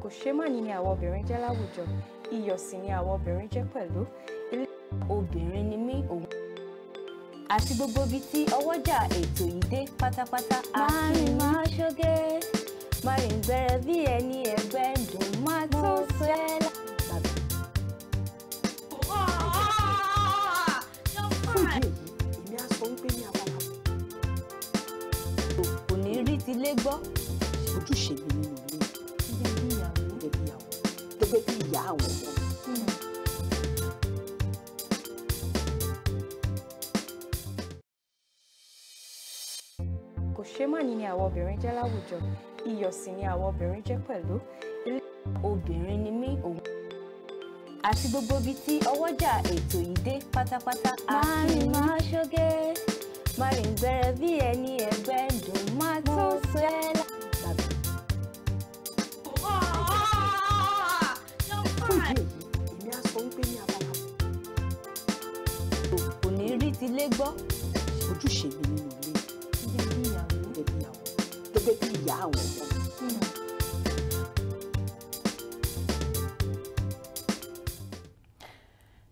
kò ṣe má ní ni àwọn obìnrin jẹ́ láwùjọ iyọ̀ sì ni àwọn obìnrin jẹ́ pẹ̀lú ilé obìnrin ni mí òun. àti gbogbo ibi tí ọwọ́jà ètò yìí dé pátápátá. máa rìn máa ṣoge máa rìn gbẹrẹ bí ẹni ẹgbẹ́ ń máa tó sẹ́lá. ojúṣe mi nínú gẹ́gẹ́ bí ìyá àwọn ọmọ. kò ṣe ni àwọn obìnrin jẹ́ láwùjọ iyọ̀ ni àwọn obìnrin jẹ́ pẹ̀lú ilé obìnrin ni mí òun àti gbogbo ibi tí ọwọ́jà ètò yìí dé pátápátá. máa rìn máa ṣoge máa rìn gbẹrẹ bí ẹni ẹgbẹ́ ń dùn máa tó sẹ́ẹ̀. fún ìdí èyí èmi á sọ wípé ní abala. kò ní rí tilé gbọ́. ojúṣe mi nínú ilé gẹ́gẹ́ bí ìyàwó gẹ́gẹ́ bí ìyá àwọn ọmọ.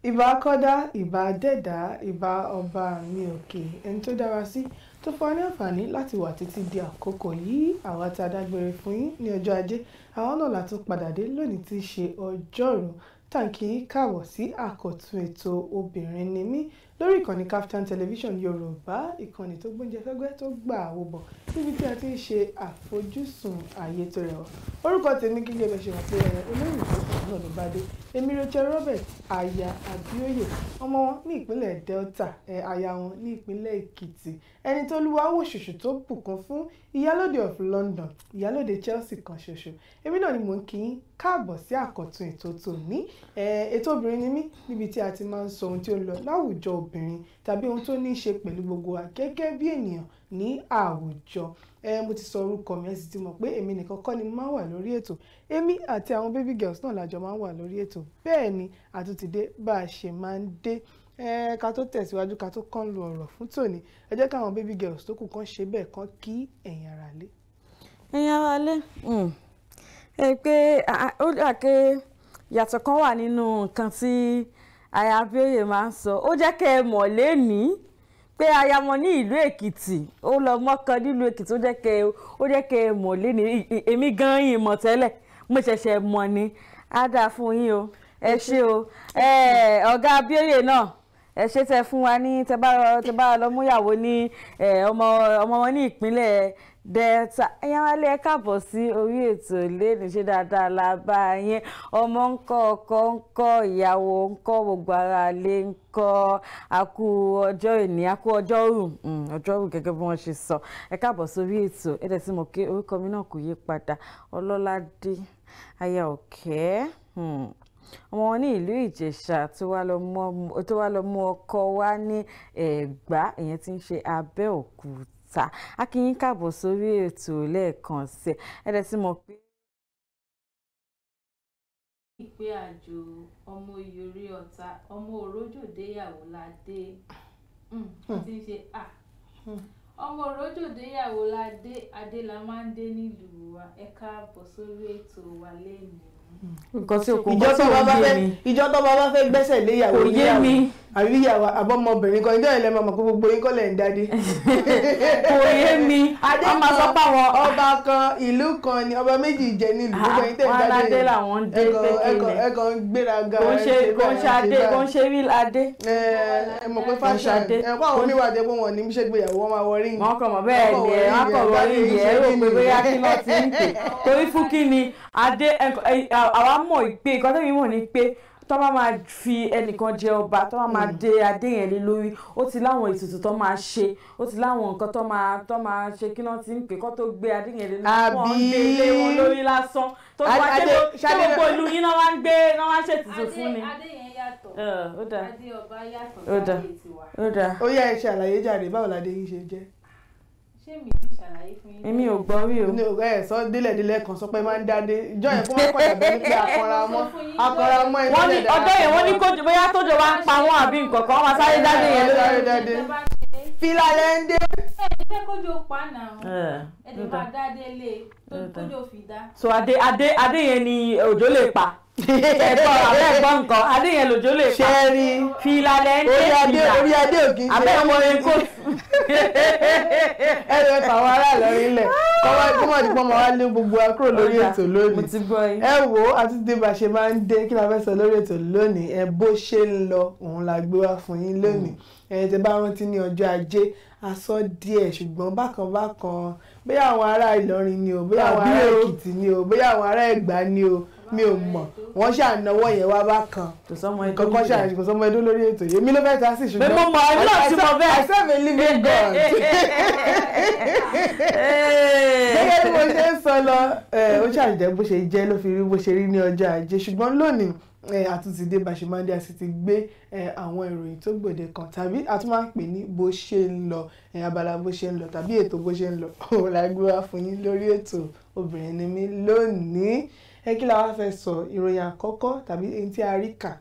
ìbà kọ́dá ìbà dẹ́dà ìbà ọba mi òkè ẹni tó dára sí tó fún wa ní àǹfààní láti wà títí di àkókò yìí àwa tí a dágbére fún yín ní ọjọ́ ajé àwọn náà la tún padà dé lónìí tí í ṣe ọjọ́rú tàǹkì káàbọ̀ sí àkọ́tún ètò obìnrin ni mí lórí ìkànnì Kaftan television yorùbá ìkànnì tó gbóúnjẹ fẹ́gbẹ́ tó gbà wò bọ̀ níbi tí a ti ń ṣe àfojúsùn ààyè tó rẹwà orúkọ tèmi kí lébẹ ṣe wà pé ẹ eh, olóyìn ìfọkàn náà ló bá dé èmi Rachael Robert aya Abíóyè ọmọ wọn ní ìpínlẹ̀ Delta ẹ eh, aya wọn ní ìpínlẹ̀ Èkìtì ẹni tó lu wáwò ṣoṣo tó bùkún fún ìyálòde of London ìyálòde Chelsea kan ṣoṣo èmi náà ni mò ń kí yín káàbọ̀ sí àkọ́tún ètò tòní eh, ètò obìnrin ni mí níbi tí a ti máa ń sọ ohun tí ó lọ láwùjọ obìnrin tàbí ohun tó ní í ṣe pẹ̀lú gbogbo wa gẹ́gẹ́ bí ènìyàn ní àwùjọ ẹ mo ti sọ orúkọ mi ẹ sì ti mọ̀ pé èmi nìkan kọ́ ni mo máa ń wà lórí ètò èmi àti àwọn baby girls náà làjọ máa ń wà lórí ètò bẹ́ẹ̀ ni àtúntìdé bá a ṣe máa ń dé ẹ ká tó tẹ̀síwájú ká tó kán lu ọ̀rọ̀ fún tòní ẹ jẹ́ káwọn baby girls tó kù kán ṣe bẹ́ẹ̀ kán kí ẹ̀yin ará lé. ẹ̀yin ará lé hmm, ẹ pé ó dà pé yàtọ̀ kan wà nínú nǹkan tí. Si ayabioye máa ń sọ ó jẹ́ kẹ́ ẹ mọ̀ lẹ́ni pé ayamọ ní ìlú èkìtì ó lọ mọ́kọ nílùú èkìtì ó jẹ́ kẹ́ ẹ ó jẹ́ kẹ́ ẹ mọ̀ lẹ́ni èmi gan-an yìí mọ̀ mo ṣẹ̀ṣẹ̀ mọ̀ ni á dáa fún yín o ẹ ṣé o ọ̀gá abioye náà ẹ ṣe tẹ fún wa ní tẹ bá tẹ bá lọ múyàwó ní ọmọ ọmọ wọn ní ìpínlẹ̀ Delta ẹ̀yàn wálé ẹ káàbọ̀ sí orí ètò lẹ́nu ṣé dáadáa la bá yẹn ọmọ ńkọ́ ọkọ ńkọ́ ìyàwó ńkọ́ gbogbo ara lé ńkọ́ akú ọjọ́ ìní akú ọjọ́ rù mm, ọjọ́ rù gẹ́gẹ́ bí wọ́n ṣe sọ ẹ káàbọ̀ sórí ètò ẹ dẹ̀ sì pé orúkọ mi náà kò yí padà Ọlọ́ládé aya Òkè wọn ní ìlú ìjẹ̀ṣà tó wá lọ mú ọkọ wá ní ẹ̀gbá ìyẹn tí ń ṣe abẹ́òkúta a kí yín káàbọ̀ sórí ètò lẹ́ẹ̀kan sí ẹ̀ẹ́dẹ̀ tí mo pé. ìpè àjò ọmọ ìyórí ọ̀tá ọmọ òrójò déyàwó la dé hmm, ti ń ṣe à ọmọ òrójò déyàwó la dé adé la máa ń dé nílùú wa ẹ káàbọ̀ sórí ètò wa lẹ́yìn nǹkan tí òkú nǹkan tí òun yé mi ìjọ tó bá bá fẹ́ gbẹ́sẹ̀ lé ìyàwó ìyàwó àbí ìyàwó àbọ̀mọbìnrin kan ìjọ ìlẹ́mọ̀ mọ̀ pé gbogbo yín kọ́ lẹ̀ ń dádé. kò yé mi ọmọ sọ́pà wọn. ọba kan ìlú kan ni ọba méjì jẹ nílùú ah, gbogbo yín tẹ̀ ń dádé. wọn aládé làwọn dé pékinlẹ̀ ẹ̀kọ́ ń gbéra ga ẹ̀ ṣe bá ẹ̀ ṣe bá kò ń ṣe rí adé. ẹ ẹ mọ̀ pé fashion ẹ kó àwọn oníwà jẹ́ pé wọn ní ṣe gbéyàwó wọn máa wọ ríǹgì. wọn kàn mọ̀ bẹ́ẹ̀ ni ẹ wọn kàn wọ ríǹgì ẹ rò pé bóyá kí àwa mọ̀ pé nǹkan tẹ́mi mọ̀ ni pé tó bá máa fi ẹnìkan jẹ ọba tó bá máa mm. dé adé yẹn lé lórí ó ti láwọn ètùtù tó máa ṣe ó ti láwọn nǹkan tó máa tó máa ṣe kí náà ti ń pè kó tó gbé adé yẹn lé lórí wọn ń gbé wọn lórí lásán tó wá dé tó gbogbo ìlú yín náà wá gbé náà wá ṣètùtù fún ni. adé yẹn yàtọ̀ adé ọba yàtọ̀ sáyé tiwa. ó yá ẹ ṣàlàyé jàre báwo ládé yín ṣe jẹ́ èmi ò gbọ́ rí o. ẹ sọ délẹ̀délẹ̀ kan sọ pé máa ń dáadé ìjọ yẹn kó má pọ̀ dàbí wípé akọra mọ́ akọra dáadáa. ọjọ́ yẹn wọ́n ní kójú bóyá tójọ ń pa wọ́n àbí nǹkan kan wọ́n máa sáré dáadé yẹn lórí fìlà lẹ́ ń dé. ẹ ẹ jẹ́ kójú pa náà ẹ lè máa dá dé lé e, kójú fi dá. so adé adé adé yẹn ni òjò lè pa ẹ̀gbọ́n abẹ́ ẹ̀gbọ́n nǹkan adé yẹn lòjó lè pa fìlà lẹ́ ń dé fìlà orí adé ògì abẹ́ ọmọ yẹn kò ẹ̀rọ ẹ̀ka àwọn aráàlú ilẹ̀ kọ́wá kọ́mọ̀ nípa ọmọ wa lé gbogbo kúrò lórí ètò lónìí ẹ wo àti tí ṣe máa ń dé kí la fẹ́ sọ lórí ètò lónìí ẹ bó ṣe ń lọ òun la gbé wá fún yín lónìí. Mm ẹ̀yin tẹ́ bá rántí ní ọjọ́ ajé a sọ díẹ̀ ṣùgbọ́n bákan bákan bóyá àwọn ará Ìlọrin ni o bóyá àwọn ará Èkìtì ni o bóyá àwọn ará Ẹ̀gbá ni o mi ò mọ̀ wọ́n ṣáà náwó yẹn wá bákan kọ́kọ́ ṣáà kò sọ́mọ ẹdún lórí ètò yìí mi ló fẹ́ ta sí ṣùgbọ́n mo mọ̀ ọ́ náà tí mo fẹ́ I serve a living God eh. gẹ́gẹ́ bí mo ṣe ń sọ lọ eh, ó ṣàjẹ́ bó ṣe jẹ́ ló fi rí bó ṣe rí ní ọjọ́ ajé ṣùgbọ́n lónìí àtúntìdé bá ṣe máa ń dé a sì ti gbé àwọn ìròyìn tó gbòde kan tàbí a tún máa ń pè ní bó ṣe ń lọ abala bó ṣe ń lọ tàbí ètò bó ṣe ń lọ òun la gbé wá fún yín lórí ètò obìnrin ni mí lónìí ẹ kí la wá fẹ́ sọ ìròyìn àkọ́kọ́ tàbí ohun tí a rí kà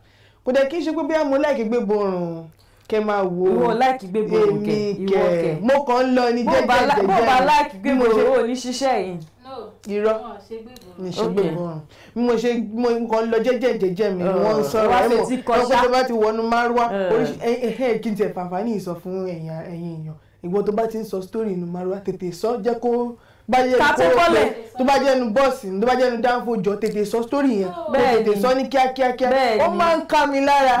kò dẹ̀ kí n ṣe pé bí a mọ láìkí gbé borun kẹ máa wo ìwọ láìkí gbé borun kẹ mo kàn ń lọ ní jẹjẹjẹjẹ bó ba láìkí gbé borun ò ní ṣiṣẹ́ yìí irọ́ níṣègbèbọrùn bí mo ṣe mo nǹkan lọ jẹ́jẹ́ jẹ́jẹ́ mi wọ́n ń sọ̀rọ̀ ẹ̀ mọ̀ ọkọ̀ tó bá ti wọnú márùwá oríṣi kí n tiẹ̀ fàǹfààní ìsọ fún ẹ̀yin èèyàn ìwọ tó bá ti ń sọ story nù márùwá tètè sọ jẹ́ kó bá jẹ́ kókòlè tó bá jẹ́ nu bọ́ọ̀sì tó bá jẹ́ nu dáńfojọ́ tètè sọ sórí yẹn tètè sọ ní kíákíákíá ó máa ń ká mi lára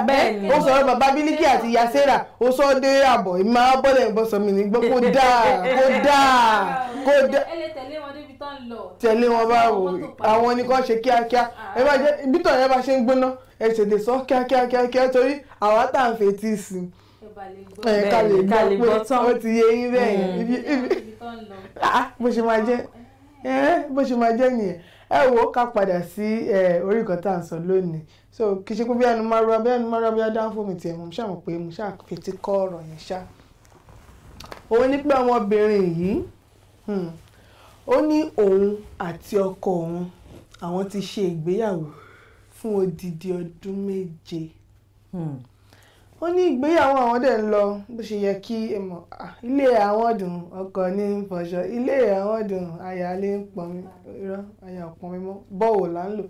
ó sọ̀rọ̀ bàbá bílíkì àti yasera ó sọ dé àbọ̀ ìmọ̀ abọ́lẹ̀ ìbọ̀sọ̀ mi ní kó dáa kó dáa. kó dé. ẹ lè tẹ̀lé wọn débi tán lọ. tẹ̀lé wọn bá wò àwọn ni kàn ṣe kíákíá ẹ bá jẹ ibi tàn yẹn bá ṣe ń gbóná ẹ ṣètè sọ kíákíá kíákíá torí àwa tá à ń fetí sí i ẹ ká lè gbọ́ pé ó ti yé yín bẹ́ẹ̀ yẹn hmm. ah, ah, bó ṣe máa jẹ́ bó ṣe máa jẹ́ nìyẹn ẹ wò ó ká padà sí orí nǹkan tá à ń sọ lónìí so kì í ṣe pé bí ẹnu máa rọ bí ẹnu máa rọ bí ẹdá ń fòmì tiẹ̀ mo ṣàmù mo ṣàfetí kọ́ ọ̀rọ̀ yẹn ṣá òun ní pé ọmọbìnrin yìí Hmm. ó ní òun àti ọkọ òun àwọn ti ṣe ìgbéyàwó fún odidi ọdún méje hmm. ó ní ìgbéyàwó àwọn dẹ̀ ń lọ bó ṣe yẹ kí ẹ mọ̀ ilé àwọn dùn ọkọ ní fọṣọ ilé àwọn dùn aya lè ń pọn mi irọ́ aya ò pọn mi mọ́ bọ́wò là ń lò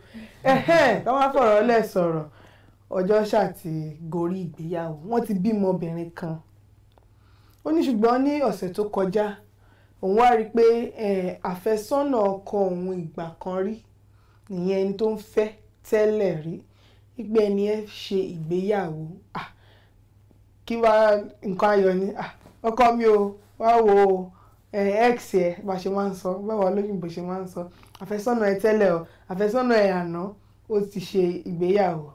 ká má fọ̀rọ̀ lẹ̀ sọ̀rọ̀ ọjọ́ ṣàti gorí ìgbéyàwó wọ́n ti bímọ obìnrin kan ó ní ṣùgbọ́n ní ọ̀sẹ̀ tó kọjá òun wá rí i pé àfẹ́sọ́nà ọkọ òun ìgbà kan rí nìyẹn ẹni tó ń fẹ́ tẹ́lẹ̀ rí gbígbẹ́ ẹni ẹ ṣe ìgbéyàwó kí wá nǹkan ayọ̀ ni ọkọ mi ò wá wo x ẹ bá ṣe máa ń sọ báwo olóyìnbó ṣe máa ń sọ àfẹ́sọ́nà ẹ tẹ́lẹ̀ o àfẹ́sọ́nà ẹ àná ó ti ṣe ìgbéyàwó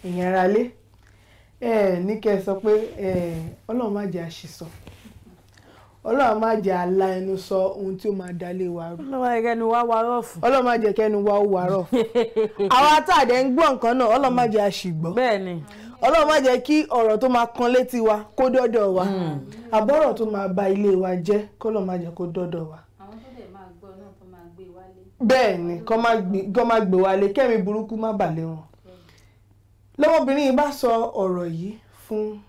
ìyẹn hmm. lé ẹ ní kẹ́ sọ pé ọlọ́run má jẹ́ Ọlọ́wà má jẹ́ àlá ẹnu sọ ohun tí ó máa dalé wa rú. má jẹ́ wa wa rọ̀ fún. má jẹ́ kẹ́nu wá wa rọ̀ fún. àwa ń gbọ́ nǹkan náà jẹ́ àṣìgbọ́. ọlọ́wà má jẹ́ kí ọ̀rọ̀ tó máa kan létí wa kó dọ́dọ̀ wa. Hmm. àbọ̀rọ̀ tó máa ba ilé wa jẹ́ jẹ́ kó dọ́dọ̀ wa. àwọn tó máa gbé e wálé.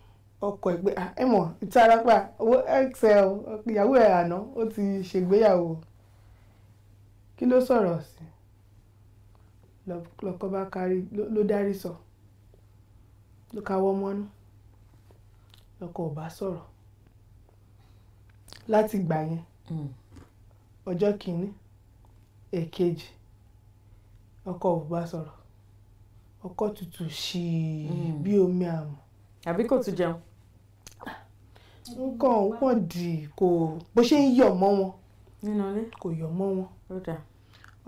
ọkọ ẹgbẹ ẹ mọ ìtarapá owó excel ìyàwó ẹ àná ó ti ṣègbéyàwó kí ló sọ̀rọ̀ sí lọkọ bá kárí ló dárí sọ ló káwọ́ mọ́nú lọkọ ò bá sọ̀rọ̀ láti ìgbà yẹn hmm. ọjọ́ kìíní èkejì ọkọ ò bá sọ̀rọ̀ ọkọ tutù sí hmm. bí omi àmọ́. àbí kò tún jẹun nǹkan nǹkan dì kò bó ṣe ń yọ̀ mọ́ wọn kò yọ̀ mọ́ wọn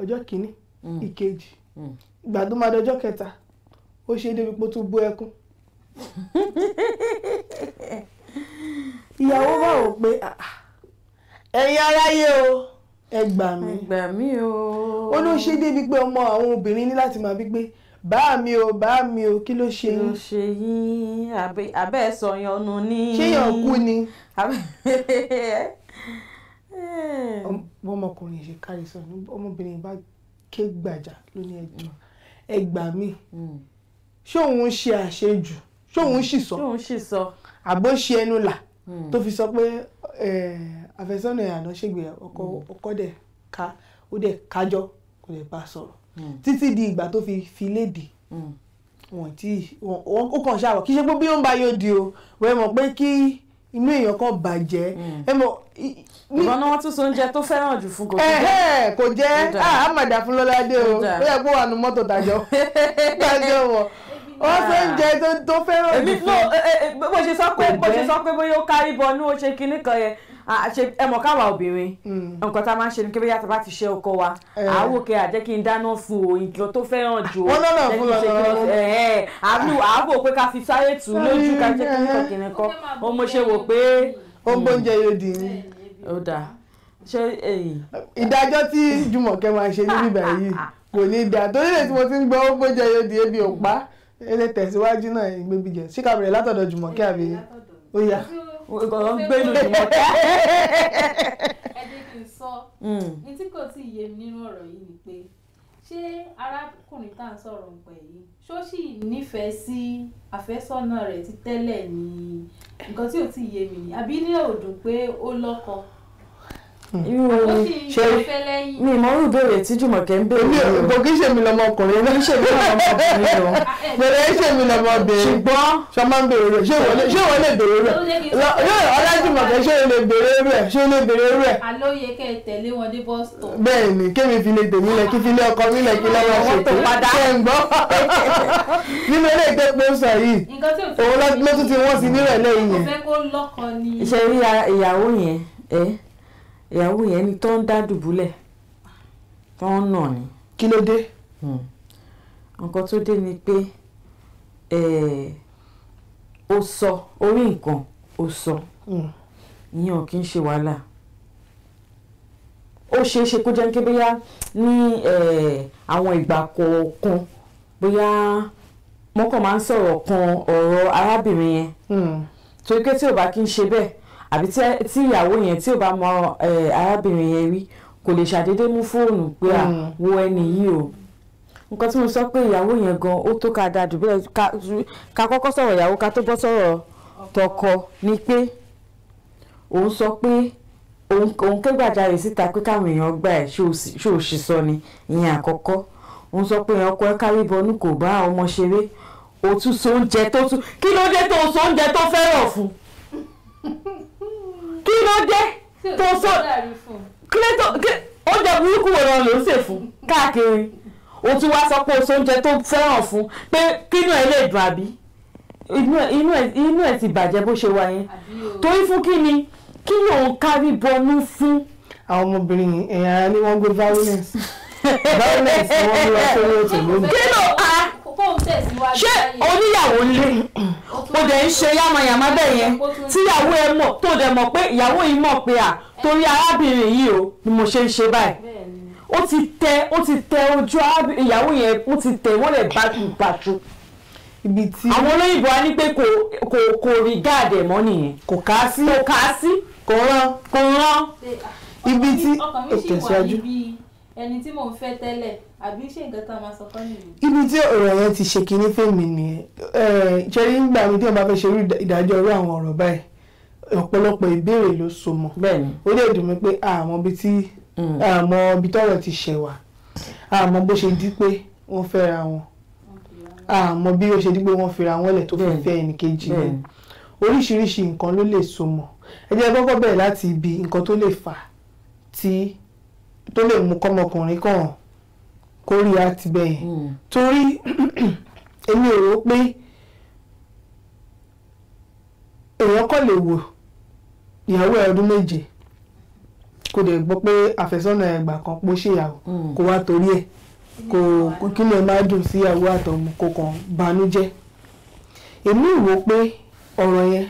ọjọ́ kìíní mm. ìkejì mm. ìgbà tó máa dọjọ́ kẹta ó ṣe débi pé ó tún bú ẹkún ìyàwó bá wò pé ah, ah, ẹ̀yin aráyé o ẹ gbà mí ẹ gbà mí o ó ló ṣe débi pé ọmọ àwọn obìnrin ní láti máa bí gbé bá mi o bá mi o kí ló ṣe yín. kí ló ṣe yín abẹ́ sọyọnu ní. ṣéyàn kú ni. ọmọkùnrin ṣe kárí sọ ni ọmọbìnrin bá ké gbàjà lóní ẹjọ́ ẹ gbà mí hmm. ṣóun ń ṣe àṣejù ṣóun ń ṣìṣọ àbó ṣe ẹnu là hmm. tó fi sọ pé àfẹ́sọ́nà ìyànà ṣègbè hmm. ọkọ dẹ̀ ká ó dẹ̀ kájọ kò lè bá sọ̀rọ̀. Hmm. títí di ìgbà tó fi fi léde hmm. wọn tí ó kàn ṣàrọ kí ṣe pé bí ó ń bá yóò di o wẹ́n mọ̀ pé kí inú èèyàn kan bàjẹ́ hmm. ẹ mọ̀ ìbọn náà tún so tó fẹ́ràn jù fún kò jẹ́ kò jẹ́ àmàdà fún lọ́ládé o ó yẹ kó wà nù mọ́tò tàjọ tàjọ wọ̀ ó so tó fẹ́ràn jù fún. bó ṣe sọ pé bóyá ó kárí bọnú ó ṣe kinní yẹn ẹ mọ̀ káwa obìnrin hmm. nǹkan tá a máa ń ṣe ni kébéyà tá a bá ti ṣe ọkọ wa àwòkẹ́ eh. àjẹ́ kí n dáná fún o nǹkan tó fẹ́ràn jù o oh, jẹ́ kí n ṣe kí n àánú àábò eh, pé ká fi sáré tù ú lójú ká jẹ́ kí n sọ kìnìún kan ó mo ṣe wò pé. ó ń gbóúnjẹ yóò dì í. ó dáa ṣé èyí. Eh, ìdájọ́ tí Jùmọ̀kẹ́ máa ṣe níbí báyìí kò ní dáa torí lè tí mo ti ń gbọ́ ó gbóúnjẹ yóò dì ebi ò ẹ lè tẹ̀síwájú náà ìgbébíjẹ síkàbẹ̀rẹ̀ látọ̀dọ̀ Jùmọ̀kẹ́ àbí ó yá ọ̀rọ̀ ń gbé lójú mọ́tà. ẹ jẹ́ kí n sọ ní tí kò tí ì yé mi nínú ọ̀rọ̀ yìí ni pé ṣé arákùnrin tá à ń sọ̀rọ̀ ń pẹ̀ yìí ṣó sì nífẹ̀ẹ́ sí àfẹ́sọ́nà rẹ̀ ti tẹ́lẹ̀ ni nǹkan tí ò tí ì yé mi ni àbí ní òdùn pé ó lọ́kọ Hmm. ṣe mi mọ irú ìbéèrè tí Jùmọ̀kẹ́ ń béèrè o. kò kí ṣe mi lọmọ ọkùnrin ló. kì í ṣe mi lọmọ ọkùnrin o. Ah, eh. bẹ̀rẹ̀ ṣe mi lọmọ obìnrin. ṣùgbọ́n ṣe máa ń béèrè rẹ̀ ṣé ìwọ lè béèrè rẹ̀ Ọlájùmọ̀kẹ́ ṣé o lè béèrè rẹ̀ ṣé o lè béèrè rẹ̀. àlóye kẹ́ ẹ tẹ̀lé wọn dé bus stop. bẹ́ẹ̀ ni kémi fi lè tèmi lẹ kí fi lé ọkọ mi lẹ kí lọ́wọ́ ṣètò ṣe ń gbọ́. ìyàwó yẹn ni tó ń dá dùbúlẹ̀ tó ń nà ni. kí ló dé. Hmm. nǹkan tó dé ni pé ó sọ orí nǹkan ó sọ hmm. ìyẹn ò kí ń ṣe wàhálà ó ṣeé ṣe kó jẹ́ pé bóyá ní àwọn ìgbà kọ̀ọ̀kan bóyá wọ́n kàn máa ń sọ̀rọ̀ kan ọ̀rọ̀ arábìnrin yẹn hmm. torí pé tí ò bá kí ń ṣe bẹ́ẹ̀ àbí tí ìyàwó yẹn tí ò bá mọ arábìnrin yẹn rí kò lè ṣàdédé mú fóònù pé à mm. wo ẹni yìí o nǹkan tí mo sọ pé ìyàwó yẹn gan ó tó ká dáa dùbúlẹ̀ ká kọ́kọ́ sọ̀rọ̀ ìyàwó ká tó bọ́ sọ̀rọ̀ tọkọ ni pé òun sọ pé òun kẹ́gbàjarè síta pé káwọn èèyàn gbà ẹ̀ ṣé ò sì sọ ni ìyẹn àkọ́kọ́ òun sọ pé ọkọ ẹ kárí bọnú kò bá ọmọ ṣeré o so oúnjẹ tó tún kí ló dé tó so oúnjẹ tó fẹ́ràn fún kí ló dé tó sọ kílẹ̀tọ̀ oúnjẹ burúkú wo náà ló ń sè fún káàkiri o tún wá sọ pé o sóúnjẹ tó fẹ́ràn fún pé kínú ẹ lè dùn àbí inú ẹ ti bàjẹ́ bó ṣe wà yẹn torí fún kí ni kí ló ń kárí bọnú fún. àwọn ọmọbìnrin ẹ̀yà ni wọ́n gbé violence violence wọ́n gbé wá sórí òtò lónìí. kí ló ṣé oníyàwó lé o dẹ̀ ń ṣe yámayàmá bẹ́ẹ̀ yẹn tíyàwó ẹ mọ̀ tó dẹ̀ mọ̀ pé ìyàwó yìí mọ̀ pé à torí arábìnrin yìí o ni mo ṣe ń ṣe báyìí ó ti tẹ ó ti tẹ ojú ìyàwó yẹn ó ti tẹ wọlé bàtúbàtú ibi tí. àwọn olóyìnbó á ní pé kò kò kò rí gáàdì ẹ̀mọ́ nìyẹn kò ká sí kò ká sí kò rán kò rán ibi tí. ọkàn mi ṣì wà níbi ẹni tí mò ń fẹ́ tẹ́lẹ̀ àbí ṣe nǹkan tá a máa sọ fún mi. ibi tí ọ̀rọ̀ yẹn ti ṣe kínní fèmí nìyẹn ṣẹ́rí ń gbà mí tí wọ́n bá fẹ́ ṣe irú ìdájọ́ irú àwọn ọ̀rọ̀ báyìí ọ̀pọ̀lọpọ̀ ìbéèrè ló so mọ́ ó lè dùn mí pé àmọ́ ibi tí àmọ́ mm. ibi tọ́rọ̀ ti ṣẹ̀ wá àmọ́ bó ṣe di pé wọ́n fẹ́ra wọn àmọ́ bí ó ṣe di pé wọ́n fẹ́ra wọn lẹ̀ tó fẹ́ fẹ́ ẹnì kejì yẹn oríṣiríṣi nǹkan ló lè so mọ́ ẹ jẹ́ kọ́kọ́ bẹ̀rẹ̀ láti ibi nǹkan tó lè fà tí tó lè mú kọ́mọkùnrin kàn kó rí àti bẹ́ẹ̀ mm. torí èmi ò rò pé èèyàn kọ́ lè wò ìyàwó ẹ̀ ọdún méje kò dẹ̀ gbọ́ pé àfẹ́sọ́nà ẹgbà kan pọ̀ ṣèyàwó mm. kó wá torí ẹ̀ kò kí lè má dùn síyàwó àtọmọ kò kàn banújẹ́ èmi rò pé ọ̀rọ̀ yẹn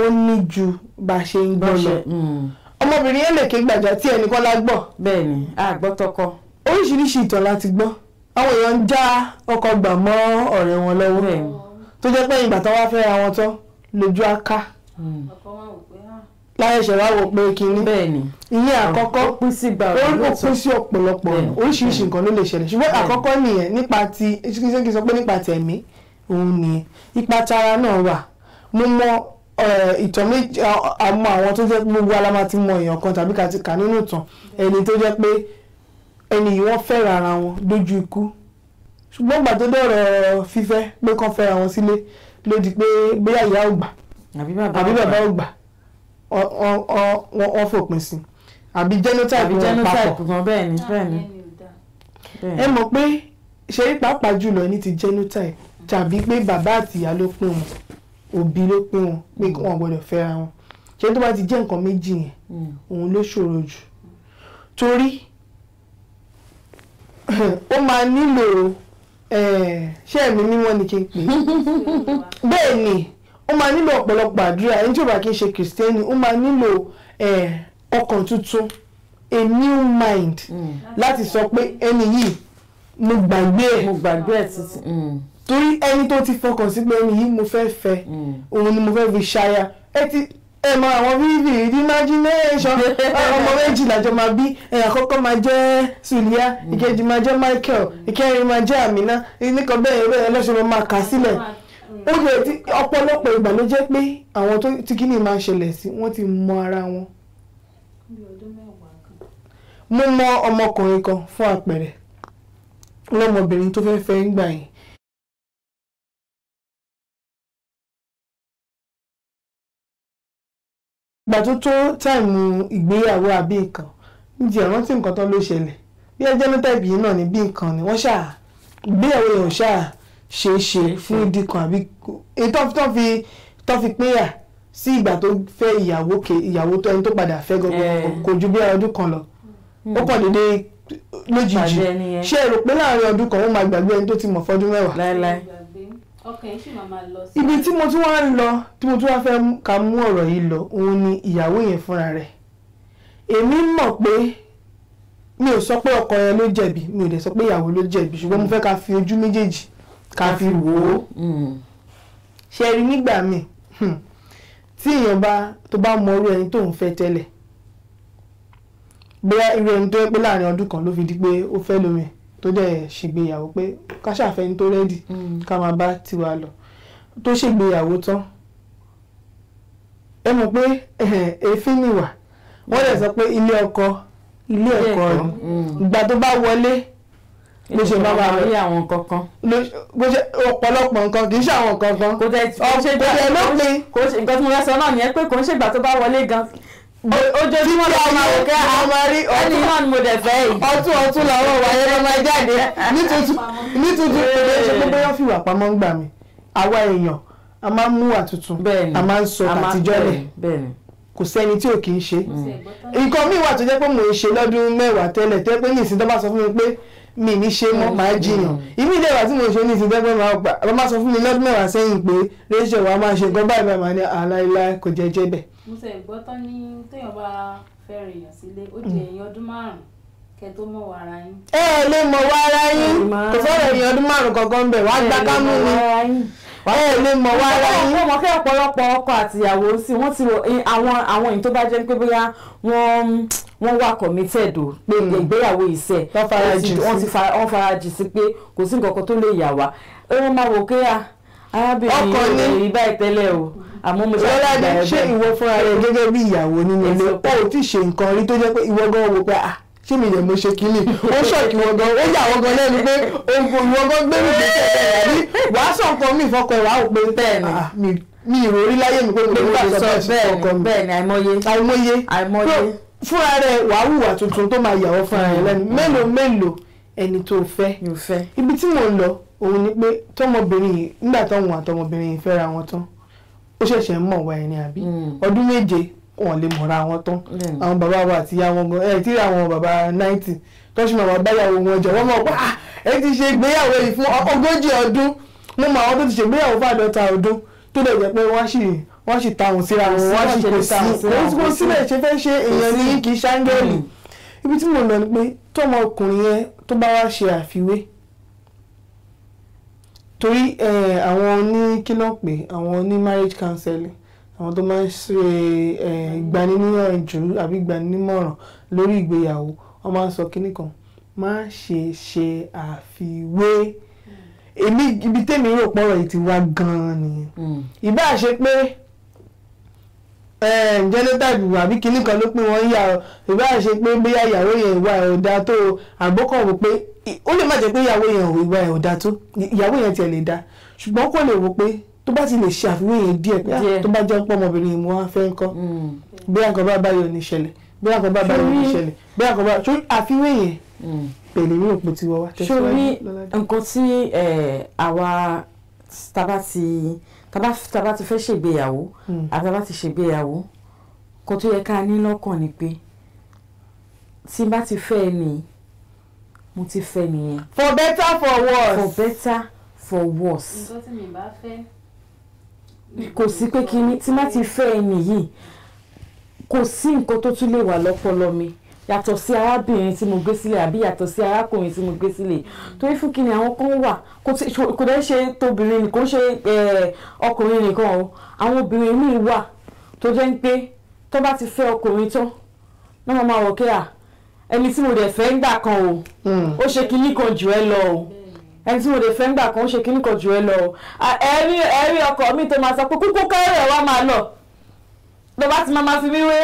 ó ní ju bá a ṣe ń gbọ́ lọ mm. ọmọbìnrin yẹn lè ké gbàjà tí ẹnìkan lágbọ̀. bẹ́ẹ̀ni àgbọtọkọ. Ah, oríṣiríṣi ìtàn la ti gbọ́ àwọn èèyàn ń já ọkọ̀ gbà mọ́ ọ̀rẹ́ wọn lọ́wọ́ tó jẹ́ pé ìgbà tó wá fẹ́ ra wọn tán lójú aká láyé ṣe wá wò pé kinní ìyẹn àkọ́kọ́ ó pín sí ọ̀pọ̀lọpọ̀ oríṣiríṣi nǹkan ló lè ṣẹlẹ̀ ṣùgbọ́n àkọ́kọ́ nìyẹn nípa ti ṣé kí n sọ pé nípa tẹ̀mí òun nìyẹn ipa tara náà wà mo mọ ìtàn méjì àmọ́ àwọn tó jẹ́ gbogbo alama ti mọ èèyàn kan tàbí kàti nínú ìtàn ẹni tó jẹ́ pé ẹni yìí wọ́n fẹ́ra ara wọn lójú ikú ṣùgbọ́n ìgbà tó dọ̀rọ̀ fífẹ́ pé kàn fẹ́ra wọn sílé ló di pé bóyá ìyá ò gbà àbí bàbá ò gbà wọ́n fòpin sí àbí genotype wọn papọ̀ ẹ mọ̀ pé ṣe é pàápàá jùlọ ní ti genotype tàbí pé bàbá àti ìyá ló pín wọn òbí ló pín wọn pé mm. wọn gbọ́dọ̀ fẹ́ra wọn ṣé tó bá ti jẹ́ nǹkan méjì yẹn mm. òun ló ṣòro jù torí ó máa nílò ṣé ẹ̀mí mímọ́ ni kí n pè bẹ́ẹ̀ ni ó máa nílò ọ̀pọ̀lọpọ̀ àdúrà ẹni tí ò bá kí n ṣe kìrìsìtẹ́nì ó máa nílò ọkàn tuntun a new mind láti sọ pé ẹni yìí mo gbàgbé ẹ̀ mo gbàgbé ẹ̀ títí mm. torí ẹni tó ti fọkàn sí pé ẹni yìí mo fẹ́ fẹ́ mm. òun ni mo fẹ́ fi ṣaya ẹ ti ẹ mọ àwọn vivi imagination ah, ọmọ méjì làjọ máa bí àkọ́kọ́ máa jẹ́ Sulia mm. ìkejì máa jẹ́ Michael ìkẹrin máa jẹ́ Amina nìkan bẹ́ẹ̀ bẹ́ẹ̀ lọ́sọ̀rọ̀ máa kà sílẹ̀ oge mm. tí ọ̀pọ̀lọpọ̀ ìgbà ló jẹ́ pé àwọn tí kíní máa ń ṣẹlẹ̀ sí wọ́n ti mọ ara wọn. mo mọ ọmọkùnrin kan fún àpẹẹrẹ lọ́mọbìnrin tó fẹ́ fẹ́ ń gbà yẹn gbà tó tó táìmù ìgbéyàwó àbí nǹkan níbi ìrántí nǹkan tó ló ṣẹlẹ̀ bí ẹ jẹ́nọ́tàìpì yìí náà ní bí nǹkan ni wọ́n ṣáà ìgbéyàwó yẹn ò ṣáà ṣe é ṣe fún ìdí kan àbí tó fi pínyà sí ìgbà tó fẹ́ ìyàwó ke ìyàwó tó ẹni tó padà fẹ́ gọ́gọ́ eh. kò ju bí ọdún kan lọ hmm. ó pọ̀ dédé lójijì ṣé èrò pé láàrin ọdún kan ó máa gbàgbé ẹni tó ti mọ̀ fọ́dún mẹ́wàá ibi tí mo tún wá ń lọ tí mo tún wá fẹ́ ká mú ọ̀rọ̀ yìí lọ òun ni ìyàwó yẹn fúnra rẹ̀ èmi mọ̀ pé mi ò sọ pé ọkọ yẹn ló jẹ̀bi mi ò dẹ̀ sọ pé ìyàwó ló jẹ̀bi ṣùgbọ́n mo fẹ́ ká fi ojú méjèèjì ká fi wò ó hmm. ṣe rí nígbà míì hmm, tí èèyàn bá tó bá mọ irú ẹni tó ń fẹ́ tẹ́lẹ̀ bóyá irú ẹni tó yẹ pé láàrin ọdún kan ló fi di pé ó fẹ́ lómi tó dẹ̀ ṣègbéyàwó pé ká ṣàfẹ́ni tó rẹ́dì mm. ká máa bá tiwa lọ tó ṣègbéyàwó tán ẹ mọ̀ pé èéfín nìwà wọ́n lè sọ pé ilé ọkọ ilé ẹ̀kọ́ rẹ̀ mm. ìgbà tó bá wọlé ló ṣe bá wàá rí àwọn kankan. bó ṣe ọ̀pọ̀lọpọ̀ nǹkan kì í ṣe àwọn kankan. kò tẹ̀ ọ́ kò tẹ̀ lópin. nǹkan tí mo fẹ́ sọ náà nìyẹn pé kò ń ṣègbà tó bá wọlé gan ojoojúmọ́ la máa wò kẹ́ a máa rí ọtún náà ni mo dẹ̀ fẹ́ yìí ọtún ọtún làwọn wáyé ló máa jáde nítorí pé ṣe pé bóyá fìwà pamọ́ ń gbà mí àwa èèyàn a máa ń mú àtútù a máa ń sọ àtijọ́ lẹ̀ kò sẹ́ni tí ò kì í ṣe mm. nǹkan míì wà tó jẹ́ pé mò ń ṣe lọ́dún mẹ́wàá tẹ́lẹ̀ tẹ́ pé nìsín tó bá sọ fún mi pé mi ní ṣe mọ́ máa mm. jiyàn ìmí ilé ìwà tí mo ṣe ní ti dẹ́gbẹ́ máa máa sọ fún mi lọ́dún mẹ́wàá sẹ́yìn pé rachel wa máa ṣe nǹkan báyìí báyìí máa ní aláìláì kò jẹ́ jẹ́ bẹ́ẹ̀ mo ṣe gbọ́ tán ní téèyàn bá fẹ́ rìn yàn sílé ó di ẹ̀yìn ọdún márùn-ún kẹ́ tó mọ̀ wàrà yín. ẹ ẹ lè mọ̀ wàrà yín kò fẹ́rẹ̀ ẹ̀yìn ọdún márùn-ún kankan bẹ̀ wá gbá kámú ni ẹ lè mọ̀ wàrà yín. wọ́n fẹ́ ọ̀pọ̀lọpọ̀ ọkọ àtìyàwó sí wọ́n ti àwọn àwọn èyí tó bá jẹ́ pé bóyá wọ́n wọ́n wà committed o pé ìgbéyàwó iṣẹ́ wọ́n ti farajì sí pé kò sí nǹkan kan tó lè yà wá ẹ wọ́n máa wò kéyà arábìnrin ọkọ ní ìbá ìtẹ́lẹ̀ o àmọ́ mo ṣe àti ìgbà ẹgbẹ́ ṣé ìwọ fúnra rẹ gẹ́gẹ́ bí ìyàwó nínú ilé ó ti ṣe nǹkan rí tó jẹ́ pé ìwọ gan wo pé ah ṣé mi lè mo ṣe kínní ó ṣọ̀kì wọn gan ó yà wọn gan lẹ́nu pé oògùn ìwọ gan gbé mi gbèsè ẹ̀rọ rí wàá sọ nǹkan mi ìfọkọ ẹ̀ wàá ò pé ah, mi mi ìròrí láyé mi pé mi ò lè sọ bẹ́ẹ̀ ni àìmọye àìmọye àìmọye fúnra rẹ wàá hùwà tuntun tó máa yàwó fúnra rẹ mm, lẹ́nu mm. mélòó mélòó ẹni tó fẹ́ ibi tí mò ń lọ òun ni pé tọmọbìnrin yìí nígbà táwọn àtọmọbìnrin yìí fẹ́ra wọn tán ó ṣẹ̀ṣẹ̀ ń mọ̀ wá ẹni àbí hmm. ọdún méje wọn lè mọ̀ra wọn tán hmm. àwọn bàbá wa àti àwọn gan ẹ tí àwọn bàbá náìtì tó ṣe màmá báyàwó wọn jẹ wọn mọ̀ pé ah, ẹ ti ṣe ìgbéyàwó yìí fún ogójì ọdún mo mọ àwọn tó ti ṣe ìgbéyàwó fàdọ́ta ọdún tó lè jẹ́ pé wọ́n sì wọ́n sì táwọn síra wọn wọ́n sì kò sí kò síbẹ̀ ṣe fẹ́ ṣe èèyàn ní kì í hmm. ibi tí mo lọ ni pé tọmọkùnrin yẹn tó bá wá ṣe àfiwé torí àwọn ní kí ló pè àwọn ní marriage counseling àwọn tó máa ń ṣe ìgbaniníyànjú àbí ìgbaninímọ̀ràn lórí ìgbéyàwó wọ́n máa ń sọ kinní kan má ṣe ṣe àfiwé hmm. èmi ibi tèmi rò pọ̀rọ̀ yìí ti wá gan-an nìyẹn hmm. ìbá ṣe pé genotype àbí kinní kan ló pín wọn yà ọ ìbá ṣe pé bóyá ìyàwó yẹn ìwà ẹ̀ ò dáa tó àgbókàn wò pé ó lè má jẹ́ pé ìyàwó yẹn ìwà ẹ̀ ò dáa tó ìyàwó yẹn tiẹ̀ lè dáa ṣùgbọ́n kò lè wò pé tó bá ti lè ṣe àfiwé yẹn díẹ̀ pé ah, tó bá jẹ́ pọ́ ọmọbìnrin yìí mo wá fẹ́ ń kọ́ hmm. bí àǹkan bá báyọ̀ ní ṣẹlẹ̀ bí àǹkan bá báyọ̀ ní ṣẹlẹ̀ bí àǹkan bá ṣó àfiwé yẹn hmm. pẹ̀lú ní òpó tiwọ́ wa tẹ̀síwájú lọ́lájú. sórí nǹkan tí àwa tábà ti. Eh, tàbá tàbá ti fẹ́ ṣègbéyàwó hmm. àtàbá ti ṣègbéyàwó kó tó yẹ ká ní lọ́kàn ni pé tí n bá ti fẹ́ ẹ mo ti fẹ́ nìyẹn. for better for worse. for better for worse. nǹkan tí mi bá fẹ́. kò sí pé kí ni tí n bá ti fẹ́ ẹ nìyí kò sí nǹkan tó tún lè wà lọ́pọlọ mi yàtọ̀ sí arábìnrin tí mo gbé sílẹ̀ àbí yàtọ̀ sí arákùnrin tí mo gbé sílẹ̀ torí fún kí ni àwọn kan wà kò dẹ́ ṣe tóbìnrin nìkan ṣe eh, ọkùnrin nìkan o àwọn obìnrin míì wà tó jẹ́ ń pé tó bá ti fẹ́ ọkùnrin tán náà mo máa wọ̀ kí à ẹni tí mo dẹ̀ fẹ́ ńgbà kan o ó ṣe kinní kan jù ẹ́ lọ o ẹni tí mo dẹ̀ fẹ́ ńgbà kan ó ṣe kinní kan jù ẹ́ lọ o ẹ̀rí ọkọ mi tó máa sọ pé kúkú kẹ́rẹ́ wá máa lọ tó bá ti máa fi mí wé.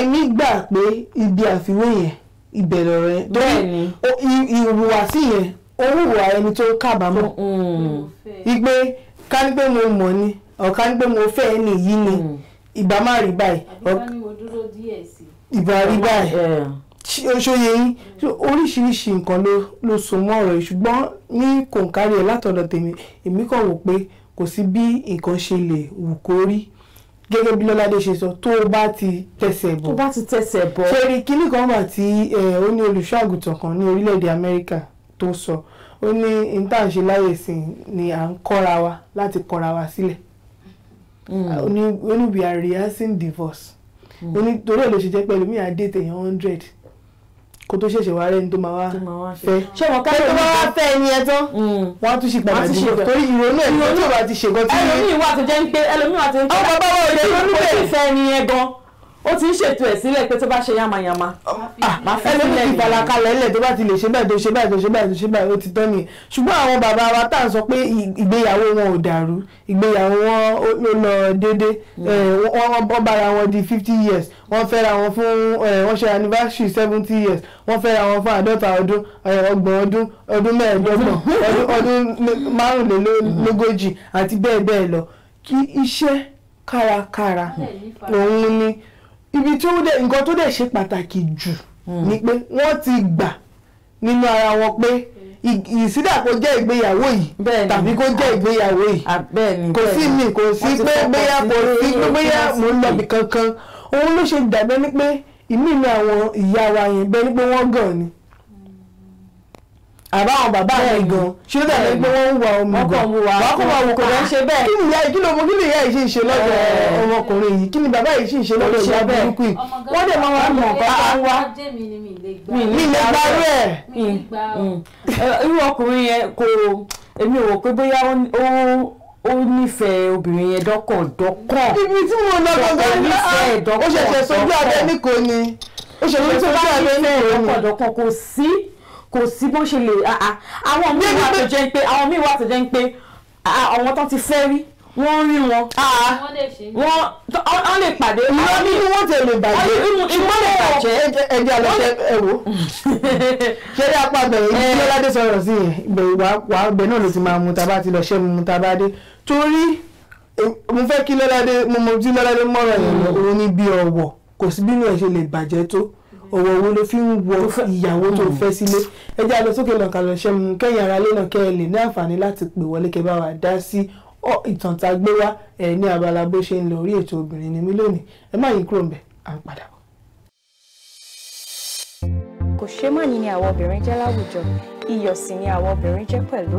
èmi gbà pé ibi àfiwé yẹn ibẹ̀ lọ̀rọ̀ torí ìhùwàsí yẹn orúwà ẹni tó kábàámọ̀ ìgbé mm. ká ní pé mo mọ̀ ni ọ̀ká ní pé mo fẹ́ ẹni yìí ni mm. ìbá má rí báyìí ìbá rí báyìí ṣòye yín oríṣiríṣi nǹkan ló so mọ́ ọ̀rọ̀ ṣùgbọ́n ní kòǹkárí ẹ̀ látọ̀dọ̀ tèmi èmi kàn wò pé kò sí bí nǹkan ṣe lè wù kó rí gẹ́gẹ́ bí lọ́ládé ṣe sọ tó o bá ti tẹsẹ̀ bọ̀ tó o bá ti tẹsẹ̀ bọ̀ ṣe rí kinní kan wà tí ó ní olùṣọ́àgùtàn kan ní orílẹ̀-èdè amẹ́ríkà tó sọ ó ní ìtànṣe láyè sìn ni à ń kọ́ra wa láti kọ́ra wa sílẹ̀ hmm. ó ní we are rehearsing divorce hmm. ó ní torí ẹ̀ ló ṣe jẹ́ pẹ̀lú mi àdé tẹ̀yàn hundred kó tó ṣẹ̀ṣẹ̀ wá rẹ́ni tó máa wá fẹ́ ṣé wọn ká tó máa fẹ́ ẹni ẹ tán mm. á tún ṣe padà dé torí ìrònú ẹ̀ tó bá ti ṣe gan tí. ẹlòmíì wà tó jẹ́ ń pé ẹlòmíì wà tó ń pé ó bá bá wọ̀ ó ti ń ṣètò ẹ̀ sílẹ̀ pé tó bá ṣe yamayama. Um, ah, ah, máa ah, fẹ́ lórí ìfalakalẹ̀ ilẹ̀ tó bá ti lè ṣe báyìí tó ṣe báyìí tó ṣe báyìí tó ṣe báyìí ó ti tán ni ṣùgbọ́n àwọn bàbá wa tá à ń sọ pé ìgbéyàwó wọn ò dàrú ìgbéyàwó wọn ló lọ déédéé eh, wọ́n bára wọn di fifty years wọ́n fẹ́ra wọn fún eh, wọ́n ṣe anniversary seventy years wọ́n fẹ́ra wọn fún àádọ́ta ọdún eh, ọgbọ̀n ọdún ọdún mẹ́ẹ̀ẹ́dọ́gbọ̀n ọdún márùnlélógójì àti bẹ́ẹ̀ bẹ́ẹ̀ lọ kí iṣẹ́ kárakára lòun ní ibi tí ó dẹ̀ nǹkan tó dẹ̀ ṣe pàtàkì jù hmm. ni pé wọ́n ti gbà nínú ara wọn pé ìsídàpọ̀ jẹ́ ìgbéyàwó yìí tàbí kó jẹ́ ah. ìgbéyàwó yìí ah, kò sí mi kò sí pé bóyá kò sí pé bóyá mò ń lọ́bì kankan òun ló ṣe dàbẹ́ ni pé ìmí ni àwọn ìyá wa yẹn bẹ́ẹ̀ ni pé wọ́n gàn ni àbá àwọn bàbá rẹ gan ṣé ó dàbí pé wọ́n ń wa omi gan wọ́n kàn wá wọ́n kàn wá wò kò lọ́n ṣe ah. bẹ́ẹ̀. kí nìyá yìí kí ló mọ kí nìyá yìí ṣì ń ṣe lọ́dọ̀ eh. ọmọkùnrin yìí kí ni bàbá yìí ṣì ń ṣe lọ́dọ̀ ìyá burúkú yìí wọ́n dẹ̀ máa wá mọ̀ nǹkan tó ń wá. mi lè gba rẹ̀. Hmm. Hmm. Eh, irú ọkùnrin yẹn kò èmi ò rò pé bóyá ó nífẹ̀ẹ́ obìnrin yẹn dọ́kọ̀dọ́kọ̀. ibi tí mo lọ gbọ́ngàn ah, ó ṣẹ̀ṣẹ̀ sojú abẹ́ níkò ni ó ṣẹ̀ṣẹ̀ sojú abẹ́ níkò ni kò sí bó ṣe lè ah, ah. àwọn míì wà tó jẹ́ pé àwọn míì wà tó jẹ́ pé ah, àwọn tán ti fẹ́ rí wọ́n rí wọn. wọ́n lè pàdé. wọ́n ní kí wọ́n tẹ̀ lè bàjẹ́. ìmọ̀ lè bàjẹ́. ẹ̀jẹ̀ àlọ́ tẹ ẹ̀rọ. ṣeré apá bẹ̀rẹ̀ ní eh. ọládé sọ̀rọ̀ sí yẹn bẹ̀rẹ̀ wà wà bẹ̀ náà ló ti máa mu tábà ti lọ ṣẹ́ mu tábà dé torí eh, mo fẹ́ kí lọ́ládé mo mọ̀ tí lọ́ládé mọ̀rọ̀ yẹn lọ òun ní bí ọ̀wọ̀ kò sí bí mi ò ṣe lè bàjẹ́ tó ọ̀rọ̀ wo ló fi ń wọ ìyàwó tó hmm. fẹ́ sílé ẹ jẹ́ àlọ́ sókè lọ́ka lọ́ ṣẹ́mu kẹ́yìn ara lé náà kẹ́ ẹ lè ní àǹfààní láti pè wọlé kẹ́ bá wa dá sí ìtàn tá a gbé wá ẹ ní abala bó ṣe ń lọ orí ètò obìnrin ni mí lónìí ẹ má yín kúrò ń bẹ̀ à ń padà bọ̀. kò ṣe má ní ni àwọn obìnrin jẹ́ láwùjọ iyọ̀ sì ni àwọn obìnrin jẹ́ pẹ̀lú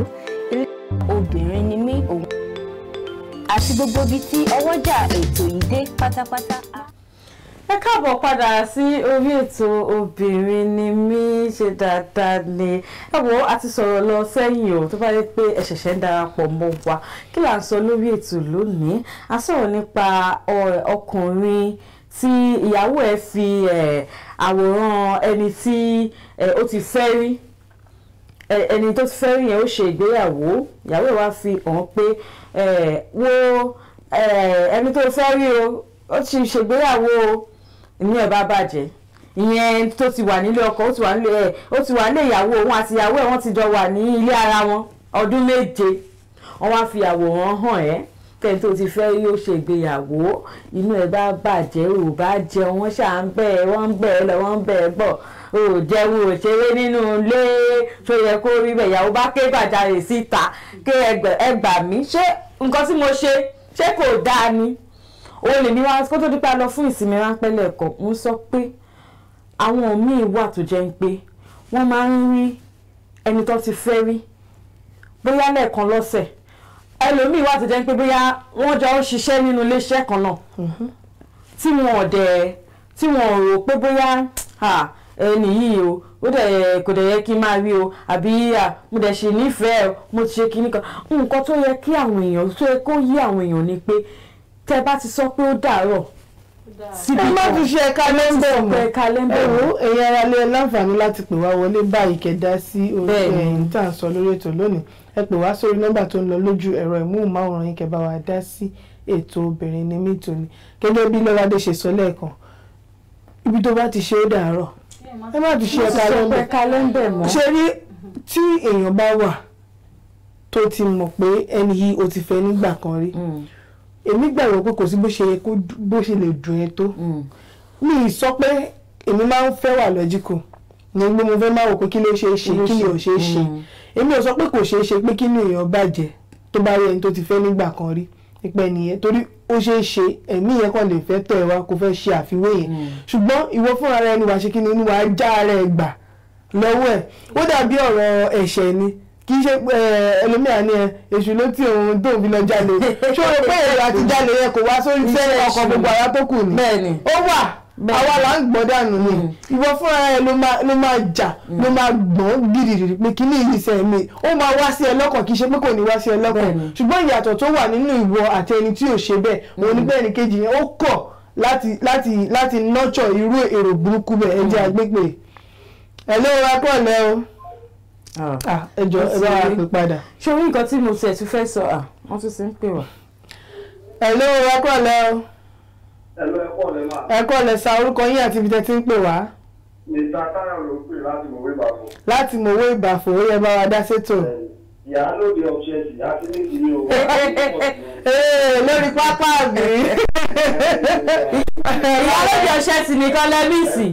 ilé obìnrin ni mí òun àti gbogbo ibi tí ọwọ́jà ètò yìí pátápátá ẹ káàbọ̀ padà sí orí ètò obìnrin ni mí ṣe dáadáa ni ẹ wo a ti sọ̀rọ̀ lọ sẹ́yìn o tó bá yẹ pé ẹ ṣẹ̀ṣẹ̀ ń darapọ̀ mọ́ wa kí là ń sọ lórí ètò lónìí a sọ̀rọ̀ nípa ọkùnrin tí ìyàwó ẹ fi àwòrán ẹni tí ó ti fẹ́ rí ẹni tó ti fẹ́ rí yẹn ó ṣe ìgbéyàwó ìyàwó ẹ wá fi hàn pé wo ẹni tó fẹ́ rí o ó ti ṣègbéyàwó o inú ẹ̀ bá bàjẹ́ ìyẹn tó ti wà nílé ọkọ ó ti wà nílé ẹ ó ti wà ìyàwó òun àti ìyàwó ẹ̀ wọ́n ti jọ wà ní ilé ara wọn ọdún méje wọ́n wá fi àwòrán hàn ẹ́ kẹ́ni tó ti fẹ́ yóò ṣe ìgbéyàwó inú ẹ̀ bá bàjẹ́ ò bá jẹun wọ́n ṣà ń bẹ̀ ẹ́ wọ́n ń bẹ̀ ẹ́ lọ wọ́n ń bẹ̀ ẹ́ bọ̀ ò jẹun ò nínú ilé tó yẹ kó rí bẹ̀ ìyàwó bá ké gbàjarè síta ké ẹgbà mí ṣé nǹkan tí mo ṣe ṣé kò dáa ni o lè ní wá kó tó dípẹ́ a lọ fún ìsinmi ráńpẹ́ lẹ́ẹ̀kan mo sọ pé àwọn míì wà tó jẹ́ pé wọ́n máa ń rí ẹni tó ti fẹ́ rí bóyá lẹ́ẹ̀kan lọ́sẹ̀ ẹlòmíì wà tó jẹ́ pé bóyá wọ́n jọ ń ṣiṣẹ́ nínú iléeṣẹ́ kan náà mm-hmm. tí wọn ò dẹ̀ tí wọn rò pé bóyá ẹni yìí o ó dẹ̀ kò dẹ̀ yẹ kí n máa rí o àbí mo dẹ̀ ṣe nífẹ̀ẹ́ mo ti ṣe kinní kan nǹkan tó yẹ kí àwọn èèyàn tó yẹ kó yí àwọn èèyàn ni pé tẹ bá ti sọ pé ó dàárọ̀ síbi kan ẹ má fi ṣe ẹ̀ka lẹ́ńbẹ̀ mọ́ ẹ̀rọ ẹ̀yà ara lé láǹfààní láti pè wá wọlé báyìí kẹ̀dá sí orí ẹ̀yìn tá à ń sọ lórí ètò lónìí ẹ pè wá sórí nọ́mbà tó ń lọ lójú ẹ̀rọ ìmúhùnmáwòrán yín kẹ́bá wa dá sí ètò obìnrin ní mítòní gẹ́gẹ́ bí lọ́wádé ṣe sọ lẹ́ẹ̀kan ibi tó bá ti ṣe é dàárọ̀ ẹ má fi ṣe ẹ̀ka lẹ́ńbẹ̀ ṣe rí tí èèyàn bá wà tó ti mọ̀ pé ẹni yìí ó ti fẹ́ nígbà kan rí. Mm èmi gbàgbọ́ pé kò sí bó ṣe yẹ kó bó ṣe lè dùn ẹ́ tó mm. mi ì sọ pé èmi máa ń fẹ́ wà lọ́jíkò ní gbé mo fẹ́ máa wò pé kí ló ṣe é ṣe kí ni ò ṣe é ṣe mm. èmi ò sọ pé kò ṣe é ṣe pé kí ni èèyàn bàjẹ́ tó bá rí ẹni tó ti fẹ́ nígbà kan rí ìpẹ́ nìyẹn torí ó ṣe é ṣe ẹ̀mí yẹn kàn lè fẹ́ tọ̀ ẹ̀ wá kó fẹ́ ṣe àfiwé yẹn mm. ṣùgbọ́n ìwọ fúnra rẹ ni wàá ṣe kí ni inú wa já ara ẹ gbà lọ́wọ́ ẹ̀ ó dàbí ọ̀rọ̀ ẹ̀ṣẹ̀ ni kì í ṣe pé ẹlòmíà ni ẹ èṣù ló ti òun tó fi lọ jalè ṣó o pé èrò àti jalè yẹn kò wá sórí iṣẹ́ ọkọ̀ gbogbo àwa tó kù ni ó wà àwa là ń gbọ́ dànù ni ìwọ fúnra ẹ ló máa jà mm. ló máa gbọ́n gidigidi pé kí ní ìyíṣẹ́ mi ó máa wá sí ẹ lọ́kàn kì í ṣe pé kò ní wá sí ẹ ṣùgbọ́n ìyàtọ̀ tó wà nínú ìwọ àti ẹni tí ò ṣe bẹ́ẹ̀ òun ní mm. bẹ́ẹ̀ ni kejì yẹn ó kọ̀ láti láti láti nọ́tsọ̀ Ah. Ah, ẹjọ ẹ bá wa pè padà. sórí nǹkan tí mo tiẹ̀ tún fẹ́ sọ ah, wọ́n tún ti ń pè wá. hello ẹ kọ́ lẹ o. hello ẹ kọ́ lẹ máa. ẹ kọ́ lẹ sa orúkọ yín àti ibi tẹ́ ti ń pè wá. mr karen ló pè láti mọ̀wé ìbàfọ̀. láti mọ̀wé ìbàfọ̀ ó yẹ bá wa dá sétò. ẹ ìyálòdì ọ̀ṣẹ́sì àti nídìí o. Eh, lórí pápá àgbè. ìyálòdì ọ̀ṣẹ́sì nìkan lẹ́míìsì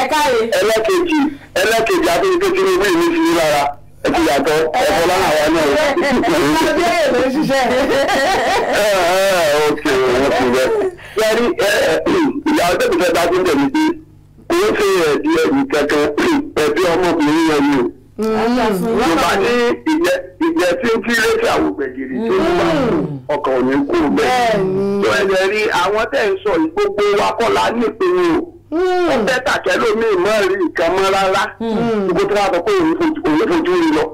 ẹ káre. ẹlẹ́kejì ẹlẹ́kejì àti kékeré ìwé mi ti rí lára ẹ ti yàtọ̀ ẹ̀fọ́ lára wa náà. ìyá béèrè ló ń ṣiṣẹ́. òkè òkè rẹ yẹri ìyá ọjọ́ ìfẹ́ bá tún tẹ̀lé pé kò ń ṣe ẹ̀dí ẹ̀dí kankan ẹ̀bí ọmọbìnrin yẹn ni o yorùbá ní ìjẹ ìjẹ tí ń kí létí àwògbẹ̀gìrì tó ń wá hmm. ọkàn ò kú bẹ́ẹ̀ tó ẹ̀yẹ rí àwọn tẹ̀ ń sọ gbogbo wa kọ́ la nípinnu o hmm. ọbẹ̀ tàkẹ́ lómi ìmọ̀ rí nǹkan mọ́ rárá hmm. gbogbo tó wà sọ pé òun fojú rí lọ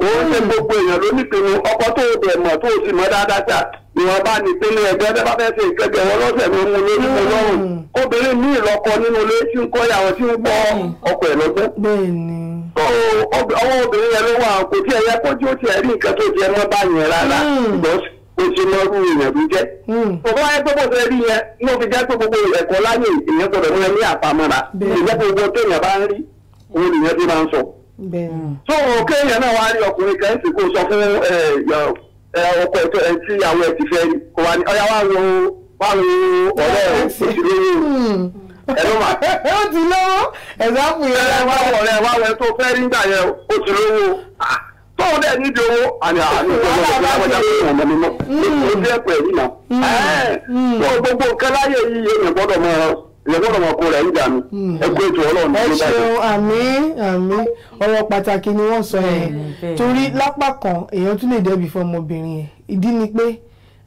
kò ń ṣe gbogbo èèyàn ló nípinnu ọkọ tó o bẹ̀ mọ̀ tó o sì mọ̀ dáadáa sà ìwọ̀n bá ní pínlẹ̀ ẹgbẹ́ bá fẹ́ ṣe ìkẹ́kẹ́ wọn lọ́sẹ̀ mi mú lórí mi lọ́rùn obìnrin ní ìlọ́kọ nínú ilé tí ń kọ́ ìyàwó tí ń gbọ́ ọkọ ẹ̀ lọ́gbẹ́ so ọwọ́ obìnrin yẹn ló wà kò tí ẹ yẹ kó tí ó ti ẹ̀ rí nǹkan tó jẹ mọ́ báyìí rárá because o ṣe mọ irú èèyàn tó jẹ́. ọ̀pọ̀ ayé pé bọ́sẹ̀ rí yẹn ló fi jẹ́ pé gbogbo ẹ̀kọ́ láyé èèyàn gbọ́dọ̀ ní ẹni àpamọ́ra ìjẹ́ pé gbogbo téèyàn bá ń rí òun nìyẹn ti máa ń sọ. so kéèyàn náà wá rí ọkùnrin kan sì kó sọ fún ọkọ ẹ tí àwọn ẹ ti fẹ́ rí kó wá ní ẹ̀ ẹ ló mà. ẹ ó ti lọ́wọ́ ẹ̀sáàpù yẹn. ẹ wá wọ ẹ wá wọ ẹ tó fẹ́ rí gbà yẹn ó ti lówó tóun dẹ̀ nídìí owó àní àní ìjọba ìjọba ìjọba ìjọba ọmọ mi mọ́ ó dé pẹ̀lú náà. tó gbogbo nǹkan láyé yìí èèyàn gbọ́dọ̀ mọ ìyẹ̀wò ọ̀rọ̀ kò rẹ̀ ń jà mí ẹgbẹ́ ètò ọlọ́run ló dájú. ẹ ṣeun àmín àmín ọ̀rọ̀ pàtàkì ni wọ́n sọ yẹn torí lápá kan èèyàn tún lè dẹ́bi fún ọmọbìnrin yẹn ìdí ni pé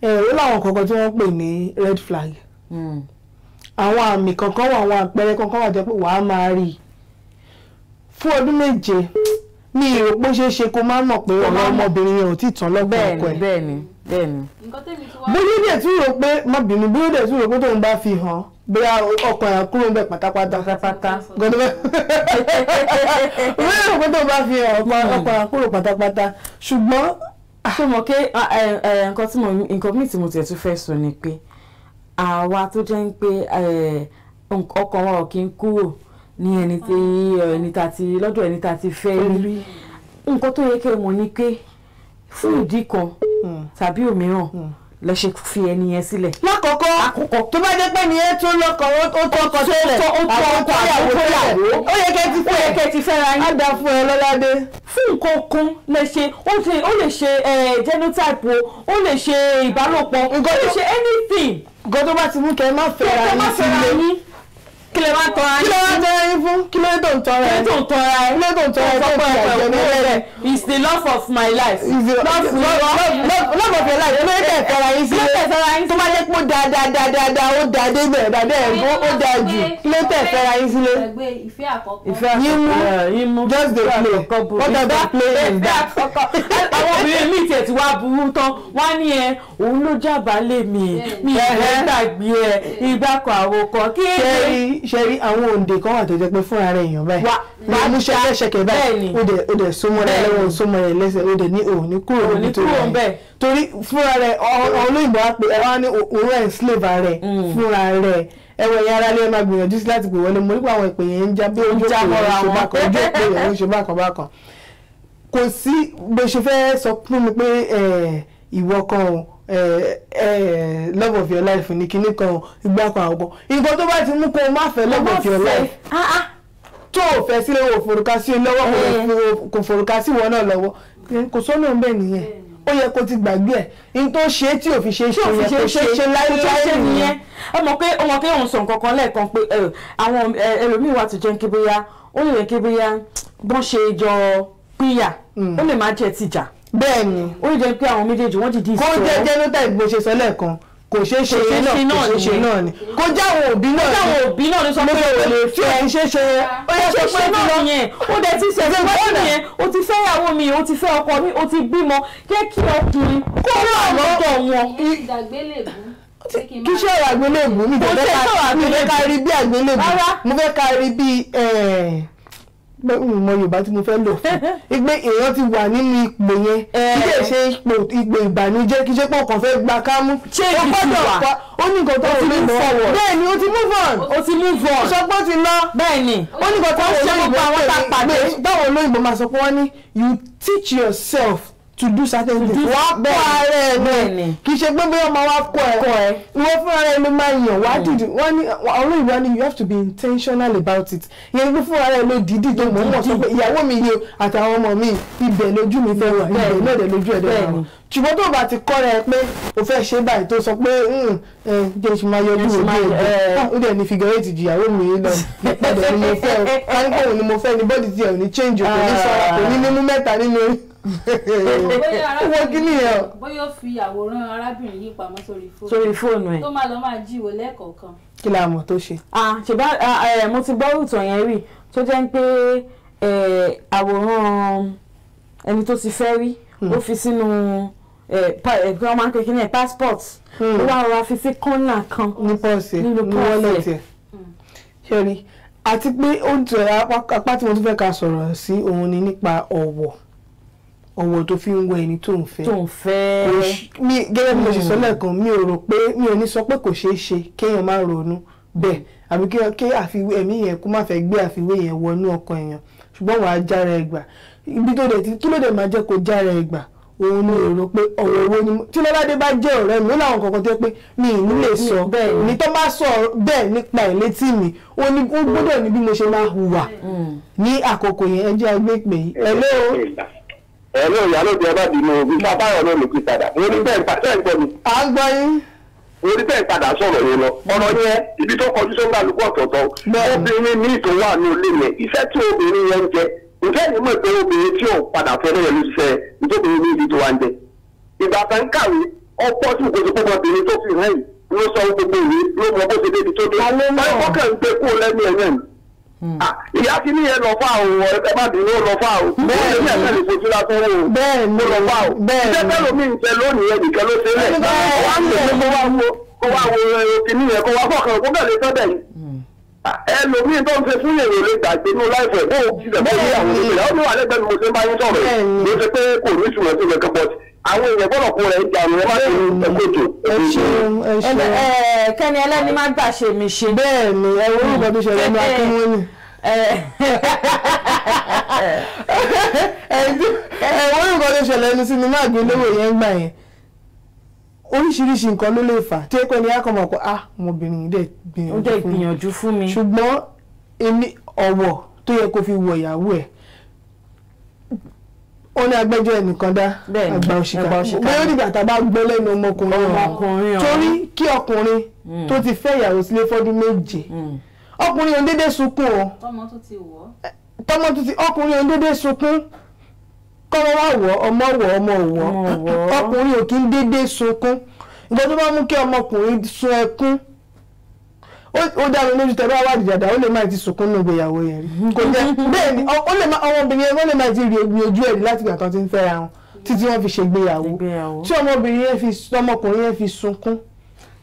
ó láwọn kọ̀ọ̀kan tí wọ́n pè ní red flag. Mm àwọn àmì kankan wà àwọn àpẹẹrẹ kankan wà jẹ́ pé wàá máa rí i fún ọdún méje mi ìrò pé ó ṣeé ṣe kó má mọ̀ pé ọ̀rọ̀ ọmọbìnrin yẹn ò tí tán lọ́gbọ̀n ọkọ ẹ̀. bẹ́ẹ̀ bóyá dẹ̀ tún rò pé má bínú bóyá dẹ̀ tún rò pé tóun bá fi hàn bóyá ọkọ yẹn kúrò ń bẹ pátápátá. pátápátá. gọ́dọ̀ bẹ́ẹ̀ bóyá rò pé tóun bá fi hàn ọkọ yẹn hmm. kúrò pátápátá ṣùgbọ́n. ṣé mo ké nǹkan mi tí mo tiẹ̀ tún fẹ́ sọ ni pé àwa tó jẹ́ pé eh, ọkàn wa ò kí ń kúrò ní ẹni tí eh, ẹni ta ti lọ́dọ̀ ẹni ta ti fẹ́ rí nǹkan tó yẹ kẹ́ mọ̀ ni pé fún ìdí kan hmm. tàbí òmíràn hmm. lẹ ṣe fi ẹni yẹn sílẹ̀. lákọ̀ọ́kọ́ àkọ́kọ́ tó bá jẹ́ pé ni ẹ tó lọ́kọ̀ ó tó ọkọ̀ sílẹ̀ àkọ́kọ́ àkọ́kọ́ ó yẹ kẹ́ ti fẹ́ ó yẹ kẹ́ ti fẹ́ra yín. á dá fún ẹ lọ́ládé. fún nǹkan kan lè ṣe ó lè ṣe eh, genotype o ó lè ṣe ìbálòpọ̀ ó lè ṣe anything nǹkan tó bá ti mú kẹ́ ẹ má fẹ́ra yín sílé kí lè má tọ́ra yín fún kí lè tó ń tọ́ra yín kí lè tó ń tọ́ra yín kí lè tó ń tọ́ra yín tó ń tọ́ra yín tó ń tọ́ra yín is the love of my life. love of love of your life ló tẹ̀ fẹ́ra yín sílẹ̀ tó bá jẹ́ pé ó da da da da da ó da débẹ̀ bàbá ẹ̀ ó da jù ló tẹ̀ fẹ́ra yín sílẹ̀. ìfẹ́ àkọ́kọ́ yín mú just dey play what are they playing that. àwọn obìnrin mi tiẹ̀ ti wá burú tán wá ní ẹ òun ló jábàálé mi mi ìwé gbàgbé ẹ ìgbà kan àwọn kan kí ẹ. ṣe rí ṣe rí àwọn òǹdè kan wà tó jẹ́ pé fúnra rẹ̀ èèyàn báyìí wà á mú ṣẹkẹ́ṣẹkẹ́ báyìí ó dẹ̀ súnmọ́ra ẹ ohun sọmọ yẹn lẹ́sẹ̀ ó dẹ̀ ní òun ní kúrò níbi tó rẹ̀ torí fúnra rẹ̀ olóyìnbó á pè ẹ wá ní òun ẹ̀ ń slave rẹ̀ mm. fúnra rẹ̀ ẹwọ ẹ̀yin ara lè máa gbìyànjú sí láti pè wọlé mo nípa àwọn ìpè yẹn ń já bí ojú òpè yẹn ṣe bákan ojú òpè yẹn ṣe bákan bákan kò sí bó ṣe fẹ́ sọ fún mi pé ìwọ kan o love of your life ní kinní kan ìgbà kan àwọn kan ìgbà tó bá ti mú kó o má fẹ́ love of your life tó o fẹ́ sílé o forúkà sí lọ́wọ́ eh. kò forúkà sí wọn náà lọ́wọ́ eh, kò sọ́nà ń bẹ̀ nìyẹn ó yẹ kó ti gbàgbé ẹ̀ n tó ṣe é tí ò fi ṣe é ṣe yẹ kó ṣe é ṣe láyé nìyẹn. ẹ mọ̀ pé ọmọ pé òun sọ nǹkan kan lẹ́ẹ̀kan pé àwọn ẹlòmíín wà tó jẹ́ kí bóyá ó lè kí bóyá bọ́n ṣe jọ pínyà hmm. ó lè má jẹ́ tìjà. bẹ́ẹ̀ ó lè jẹ́ pé àwọn méjèèjì wọ́n ti di ìṣòro. kó jẹ́ jẹ́ ló tẹ̀ gbèsè sọ lẹ́ẹ̀kan kò ṣeé ṣe yẹn náà kò ṣeé ṣe náà ni kò jáwọn òbí náà ni jáwọn òbí náà ni sọ pé o lè fẹ́ ẹ̀ ṣe ṣe yẹn yẹ kó pé náà yẹn ó dẹ̀ ti ṣe fún bọ́ọ̀nà yẹn ó ti fẹ́ ìyàwó mi ó ti fẹ́ ọkọ mi ó ti bímọ jẹ́ kí ọkùnrin kó wà lọ́dọ̀ wọn. kí ṣe ọ̀rọ̀ àgbélébùú mi fẹ́ ká rí bí àgbélébùú mo fẹ́ ká rí bí eh, mọ yorùbá tí mo fẹ́ lò fún igbe èèyàn ti wà nínú ipò yẹn eh. kí lè ṣe ipò ipò ìbànújẹ́ kí ṣe pọ̀ kàn fẹ́ gba kámú. ṣé ibi ti wà ó ní nǹkan tó ń mú forward bẹ́ẹ̀ ni ó ti move on ó ti move on ìṣọpọ̀ ti lọ bẹ́ẹ̀ ni ó ní nǹkan tó ń ṣe gbogbo àwọn tá a pàdé báwo lóyìnbó máa sọ pé wọ́n ní you teach yourself to do certain things wàá kó ara ẹ bẹ́ẹ̀ kì í ṣe pé bóyá ọmọ wa kọ ẹ ìwọ fún ara ẹ ló máa yàn wàá mm. dìde wọn ní ọ̀rọ̀ ìwà ni you have to be intentional about it ìyẹn pé fún ara ẹ ló dìídì tó mọ̀ mọ̀ sọ pé ìyàwó mi yìí àtàwọn ọmọ mi ibẹ̀ lójú mi fẹ́ wà ibẹ̀ náà dẹ̀ lójú ẹ̀ dẹ̀ wà ṣùgbọ́n tó bá ti kọ́ rẹ pé o fẹ́ ṣe báyìí tó sọ pé hmm, jẹ́ ṣe máa yọjú òbí ẹ̀ ó dẹ̀ ní figure eight ìyàwó mi lọ ìpàdé ni mo fẹ́ o kánkóhùn ni mo fẹ́ ni bọ́dì tiẹ̀ ò ní change o kò ní sọ̀rọ̀ kò ní mímú mẹ́ta nínú orí wọ́n kí ni ẹ̀. bóyá ó fi àwòrán arábìnrin yìí pamọ́ sórí fóònù. sórí fóònù ẹ̀. tó máa lọ máa jíwò lẹ́ẹ̀kọ̀ọ̀kan. kí la mọ̀ tó ṣe. ah ṣùgbọ́n mo ti gbọ́ ìtàn yẹn rí tó jẹ́ pé àwòrán ẹni tó ti fẹ́ rí ó hmm. fi sínú ẹgbẹ́ ọmọ akékeré ní passport hmm. ó wá rọra fi sí kọ́nà kan ní pọ́ọ̀sì nínú pọ́ọ̀sì ẹ̀ hmm. àti pé ó ń tẹ̀ apá tí mo tún fẹ́ ká sọ̀rọ̀ sí òun ni nípa ọ̀wọ̀ ọ̀wọ̀n tó fi ń wọ ẹni tó ń fẹ́. tó ń fẹ́. mi gẹ́gẹ́ bí mo ṣe sọ hmm. lẹ́ẹ̀kan mi ò rò pé mi ò ní sọ pé kò ṣeé ṣe kéèyàn má ronú bẹ́ẹ̀ àbí kí àfiwé ẹ̀mí yẹn kó má fẹ́ gbé àfiwé yẹn wọnú ọkàn èèyàn ṣùgbọ́n wàá jára ẹ̀ gbà ibi tó dẹ̀ ti kí ló dẹ̀ máa jẹ́ kó jára ẹ̀ gbà òun ni èrò pé ọ̀rọ̀ owó ni tí lọ́ládé bá jẹ́ ọ̀rẹ́ mi ó láwọn kankan tó pé mi ì ní lè hmm, hmm, sọ ní tó bá sọ bẹ́ẹ̀ nípa ẹ̀ létí mi ó ní gbọ́dọ̀ ní bí mo ṣe máa hùwà ní àkókò yẹn ẹ jẹ́ agbé pè é. hello. ẹ̀rọ ìyálò bí ẹ bá dìmọ̀ òbí sábàyọ̀ náà ló padà mo ní bẹ́ẹ̀ padà ẹ̀ gbọ́ mi. à ń gbọ́ yín. sọ̀rọ̀ yẹn lọ ọ̀rọ̀ yẹn ibi tó kọjú sọ́gbà lùkọ́ ọ̀tọ̀ọ̀tọ̀ obìnrin ní ìtò wà ní olè yẹn iṣẹ́ tí obìnrin yẹn ń jẹ ǹjẹ́ obìnrin tí ò padà fẹ́ ló ṣiṣẹ́ ní ibi tó wà ń jẹ. Hmm. Ah, ìyá ti ní yẹn lọ fà o ẹ má dúró lọ fà o bẹ́ẹ̀ ni ẹsẹ lè fojú lásán wò ó bẹ́ẹ̀ ni lọ fà o bẹ́ẹ̀ ni ìjẹsẹ lómi ń tẹ lónìí ẹ nìkan ló ṣe lẹ wá ń tẹ̀lé kó wá wo kó wá wo eh, kìnìún yẹn kó wá fọkàn kó bẹ̀rẹ̀ sọ́dẹ̀ yìí hmm. ah, ẹlòmíì tó ń ṣe fún yèrè lè gbàgbé ní láìpẹ́ bó o ti rẹ̀ bó o yẹ àwọn olùgbèlè ọdún wà lẹ́gbẹ̀ẹ́ ni mo ṣe ń bá yín sọ̀rọ̀ yìí ló ṣe pé kò ní ìṣúná sí ìrẹ́kẹ́ bọ́ọ̀tì àwọn èèyàn gbọ́dọ̀ kó rẹ̀ ń jà ní ọmọ ìlú ẹ̀kọ́tò. ẹ ṣeun ẹ ṣeun. kẹ́ni ẹlẹ́ni má gbà ṣe mí ṣe. bẹ́ẹ̀ ni ẹ wọ́n mọ̀ bí ṣẹlẹ̀ ní akínwóni. ẹ wọ́n mọ̀ bí ṣẹlẹ̀ ní sinimá àgbéléwò yẹn ń gbà yẹn oríṣiríṣi nǹkan ló lè fà tí ẹ̀kọ́ ni akọ̀mọ̀ pé ah ọmọbìnrin dẹ̀ gbìyànjú fún mi ṣùgbọ́n èmi tó yẹ kó fi wọ ìyàwó ẹ̀ ó ní agbẹjọ́ ẹnìkan dá àgbà òṣìkà bóyá nígbà tá a bá gbọ́ lẹ́nu ọmọkùnrin ọ̀hún torí kí ọkùnrin hmm. tó ti fẹ́ ìyàwó sílé fọ́dún méje hmm. ọkùnrin òun dédé sunkún o tọmọ tó ti wọ tọmọ tó ti ọkùnrin òun dédé sunkún kọ́mọ wá wọ ọmọ wọ ọmọ wọ ọkùnrin ò ń dédé sunkún nǹkan tó bá mú kí ọmọkùnrin sun ẹkún ó dá mi lójú tẹ́lẹ̀ wá dìjàdà ó lè má ti sunkún ní ìgbéyàwó yẹn rí kò jẹ́ bẹ́ẹ̀ ni ọmọbìnrin yẹn ó lè má ti rí egbin ojú ẹ̀rí láti ìgbà kan ti ń fẹ́ra wọn títí wọ́n fi ṣègbéyàwó tí ọmọbìnrin yẹn fi ọmọkùnrin yẹn fi sunkún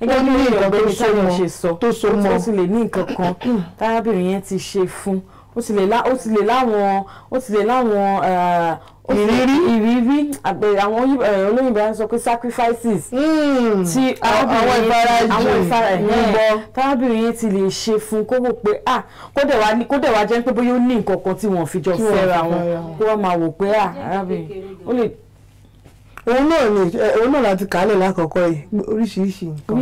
gẹ́gẹ́ bí ìgbà tó so mọ́ tó so mọ́ ó sì lè ní nǹkan kan tárábìnrin yẹn ti ṣe fún un ó ti lè lá ó ti lè láwọn ó ti lè láwọn eh, ìrírí ìrírí àwọn eh, olóyìnbó sọ pé sacrifices hmm. tí àwọn ìfarajìn àwọn ìfarajìn bọ tábìrin yẹn ti lè ṣe fún kó wò pé ah kó dẹ̀ wá kó dẹ̀ wá jẹ́ pé bóyá ó ní nǹkan kan tí wọ́n fi jọ fẹ́ra wọn kó wọ́n máa wò pé ah arábìnrin ó lè òun náà ni òun náà láti kàálẹ̀ lákọ̀ọ́kọ́ yìí oríṣiríṣi nǹkan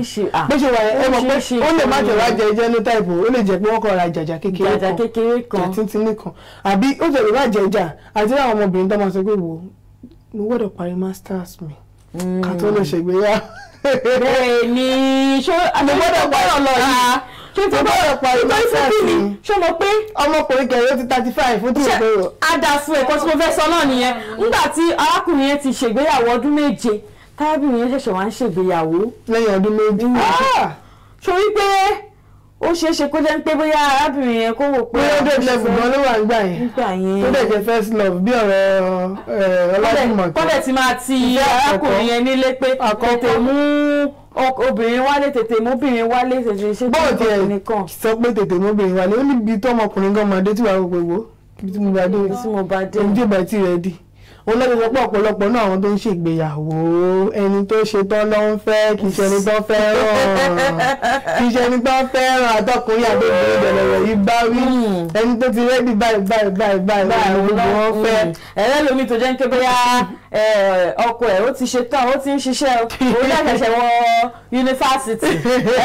bó ṣe wà ẹ mọ̀ pé ó lè má jẹ́ wá jẹ genotype ó lè jẹ́ pé wọ́n kọ́ ra jàjà kékeré kan jàjà kékeré kan tìǹtìǹ kan àbí ó jẹ̀rọ bá jẹ ìjà àti àwọn ọmọbìnrin tó máa sọ pé wò ó mo gbọ́dọ̀ parí masters mi ká lè hmm. ṣègbéyàwó. bẹ́ẹ̀ ni ṣó àti mo gbọ́dọ̀ parí ọ̀la kí n tó bá rẹ̀ parí ní sáàsì mi ṣé mo pé. ọmọkùnrin gẹ̀rẹ́ ti thirty five ó dùn pé ada fún ẹ̀kọ́ tí mo fẹ́ sọ náà nìyẹn mm. nígbà tí arákùnrin yẹn ti ṣègbéyàwó ọdún méje tábìlì yẹn ṣẹ̀ṣẹ̀ wá ṣègbéyàwó. lẹ́yìn ọdún méjì. sori mm. ah! pé ó ṣeé ṣe kó jẹ́ ń pé bóyá arábìnrin yẹn kó wò pé. bóyá ọdún ìlẹ̀kùn gan ló wà nígbà yẹn. nígbà yẹn. tó dẹ̀ jẹ́ first love bí ọ̀rẹ́ eh, ọlọ́dúnmọ̀kẹ́. kọ́dẹ̀ ti máa ti arákùnrin yẹn nílé pé tètè mú obìnrin wálé tètè mọ́bìnrin wálé tètè ṣe kí ọkùnrin kan. bọ́ọ̀ sọ pé tètè mọ́bìnrin wálé ó níbi tó ọmọkùnrin gan máa dé tí wàá wò ibi tí mo bá dé ibi tí mo bá dé ojú ìbá tí rẹ dì olóyìnbó pọ̀ ọ̀pọ̀lọpọ̀ náà àwọn tó ń ṣègbéyàwó ẹni tó ṣe tán ló ń fẹ́ kì í ṣe ẹni tó fẹ́ràn kì í ṣe ẹni tó fẹ́ràn àtọkùnrin àtọkùnrin ìbẹ̀rẹ̀ yìí bá wí hmm. ẹni tó ti rẹ́dí báyìí báyìí báyìí báyìí gbogbo wọn hmm. fẹ́. ẹ̀rẹ́ lomi tó jẹ́ ń ké bóyá ọkọ ẹ̀ ó ti ṣe tán ó ti ń ṣiṣẹ́ òun náà ṣẹ̀ṣẹ̀ wọ yunifásitì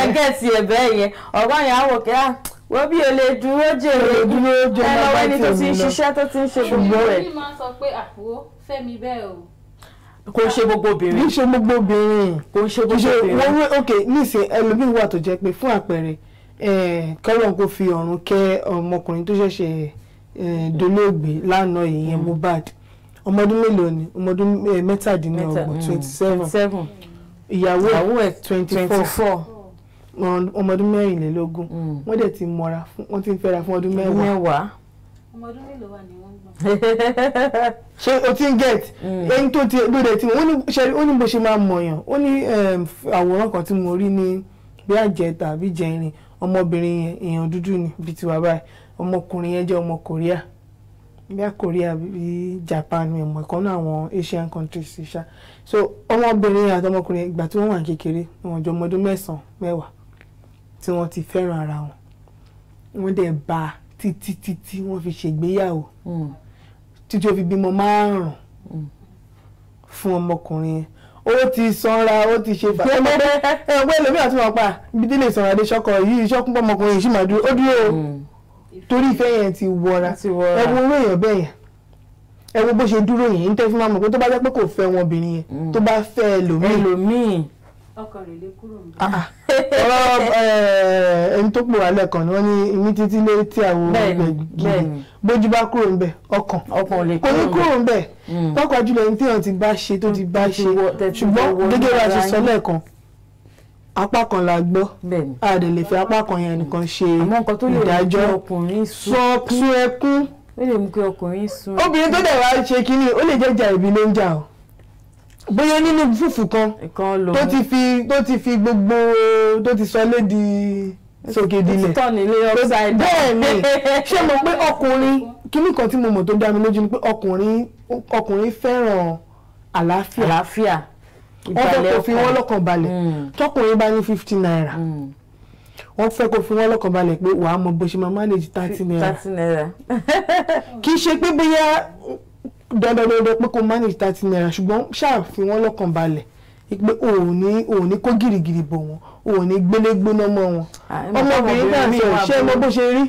ẹgẹ́tì ẹ̀bẹ́ yẹn ọ̀gbọ́n yẹn á wò kí á wọ́n bí olè dúró jèrè ẹ lọ́wọ́ ẹni tó ti ń ṣiṣẹ́ tó ti ń ṣe gbogbo rẹ̀. ṣùgbọ́n ó ní máa sọ pé àpò ah, fẹ́ mi bẹ́ẹ̀ o kò ṣe gbogbo obìnrin kì í ṣe gbogbo obìnrin kò ṣe gbogbo obìnrin wọ́n wí ok nísìn ẹlòmíín wà tó jẹ́ pé fún àpẹẹrẹ kọ́lọ́n kò fi ọ̀run kẹ́ ọmọkùnrin tó ṣẹ̀ṣẹ̀ dolóògbé lánàá ìyẹn mm. Mohbad ọmọdún mélòó ni ọmọdún mẹ́tàdínlọ́gbọ̀n mm. twenty seven ìyàwó twenty four ọmọdún mẹ́rìnlélógún mm. wọ́n dẹ̀ ti mọ́ra wọ́n ti ń fẹ́ra fún ọdún mẹ́wàá. ọmọdún mélòó wà ní ṣe o ti ń get mm. ẹni tó ti gbọ́dọ̀ tí wọ́n ó ní bó ṣe máa mọ̀yàn ó ní ehm, àwòrán kan tí mo rí ní bí àjẹta àbí jẹrin ọmọbìnrin yẹn èèyàn dúdú ni bíi tiwa báyìí ọmọkùnrin yẹn jẹ́ ọmọ Korea a Korea bíi Japan ẹ̀mọ̀ ẹ̀kọ́ náà àwọn Asian countries ṣá so ọmọbìnrin àti ọmọkùnrin ìgbà tí wọ́n wà kékeré wọn jọ ọmọdún mẹ́sàn-án mẹ́wàá tí wọ́n ti fẹ́ràn ara wọn wọ́n dẹ̀ bá títí títí wọ́n fi ṣègbéyàwó. Mm títí ó fi bímọ márùn-ún fún ọmọkùnrin yẹn ó ti sanra ó ti ṣe bàtà ọmọdé ẹgbẹ́ ẹlòmí àti wọn pa ibi tí lè sanra dé ṣọkọ yìí ṣọkún pọ̀ ọmọkùnrin yìí sì máa dúró ó dúró mm. torí ìfẹ́ yẹn ti wọra ẹ wo owó èèyàn bẹ́ẹ̀ yẹn ẹ wo bó ṣe dúró yẹn ń tẹ́ fún mamọ̀ pé tó bá jẹ́ pé kò fẹ́ wọn obìnrin yẹn mm. tó bá fẹ́ ẹlòmíì ọkàn rẹ̀ lè kúrò ń bọ̀. ọ̀rọ̀ ẹni tó pè wá lẹ́ẹ̀kan ni wọ́n ní imí títí lé tí àwọn ọmọ ẹgbẹ́ bójú bá kúrò ń bẹ̀ ọkàn kò ní kúrò ń bẹ̀ mm. pápá jùlọ ní téèyàn ti bá ṣe tó ti bá ṣe ṣùgbọ́n gẹ́gẹ́ bá ṣe sọ lẹ́ẹ̀kan apá kan la gbọ́ a lè fi apá kan yẹn nìkan ṣe ìdájọ́ sọ ẹkún obìnrin tó dẹ̀ wá ṣe kínní ó lè jẹ́ ìjà ìbí ló ń jà o bóyá nínú fùfù kan tó ti fi tó ti fi gbogbo tó ti sọ lédi sókè dilẹ̀ bẹ́ẹ̀ ni ṣé mo pé ọkùnrin kíní kan tí mo mọ̀ tó dá mi lójú ni pé ọkùnrin ọkùnrin fẹ́ràn àlàáfíà àlàáfíà wọ́n fẹ́ kó fi wọ́n lọ́kàn balẹ̀ hmm. tọkùnrin bá ní fifty naira hmm. wọ́n fẹ́ kó fi wọ́n lọ́kàn balẹ̀ pé wàá mọ bó ṣe máa manage thirty naira kì í ṣe pé bóyá dandandandan pé kó manage thirty naira ṣùgbọ́n ṣáà fi wọ́n lọ́kàn balẹ̀ pé òun ní òun ní kó gìrìgìrì bò wọ́n òun ní gbélégbóná mọ́ wọn ọmọbìnrin náà mi ò ṣe mọ bó ṣe rí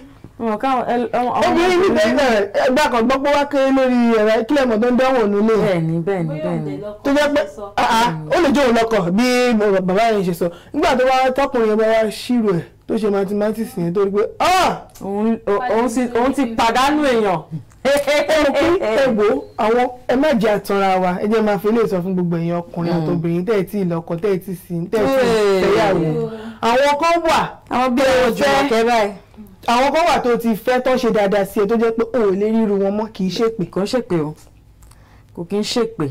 obìnrin ní bẹ́ẹ̀ ẹgbẹ́ kan gbọ́ pé wá kéré lórí ẹ̀rọ kílẹ̀ mọ̀ tó ń dánwò nílé bẹ́ẹ̀ni bẹ́ẹ̀ni bẹ́ẹ̀ni tó jẹ́ pé ah, ah, ó lè jó òun lọ́kọ bí bàbá yẹn ṣe sọ nígbà tó wá tọkùnrin yẹn bá wá ṣírò ẹ̀ tó ṣe mathematics yẹn torí pé ah! òun ti pàdánù èèyàn. ó pín ẹgbò àwọn ẹ má jẹ́ àtànra wa ẹ jẹ́ máa fi ilé ìsọ fún gbogbo èèyàn ọkùnrin àtòbìnrin mm. tẹ́ ẹ ti ìlọ́kọ tẹ́ ẹ ti sìn tẹ́ ẹ ti fẹ́yàwó àwọn kan wà àwọn bí ẹ jù ọkẹ báyìí àwọn kan wà tó ti fẹ́ tó ṣe dáadáa sí ẹ tó jẹ́ pé òun lè ríru wọn mọ́ kì í ṣèpè kò ń ṣèpè o kò kì í ṣèpè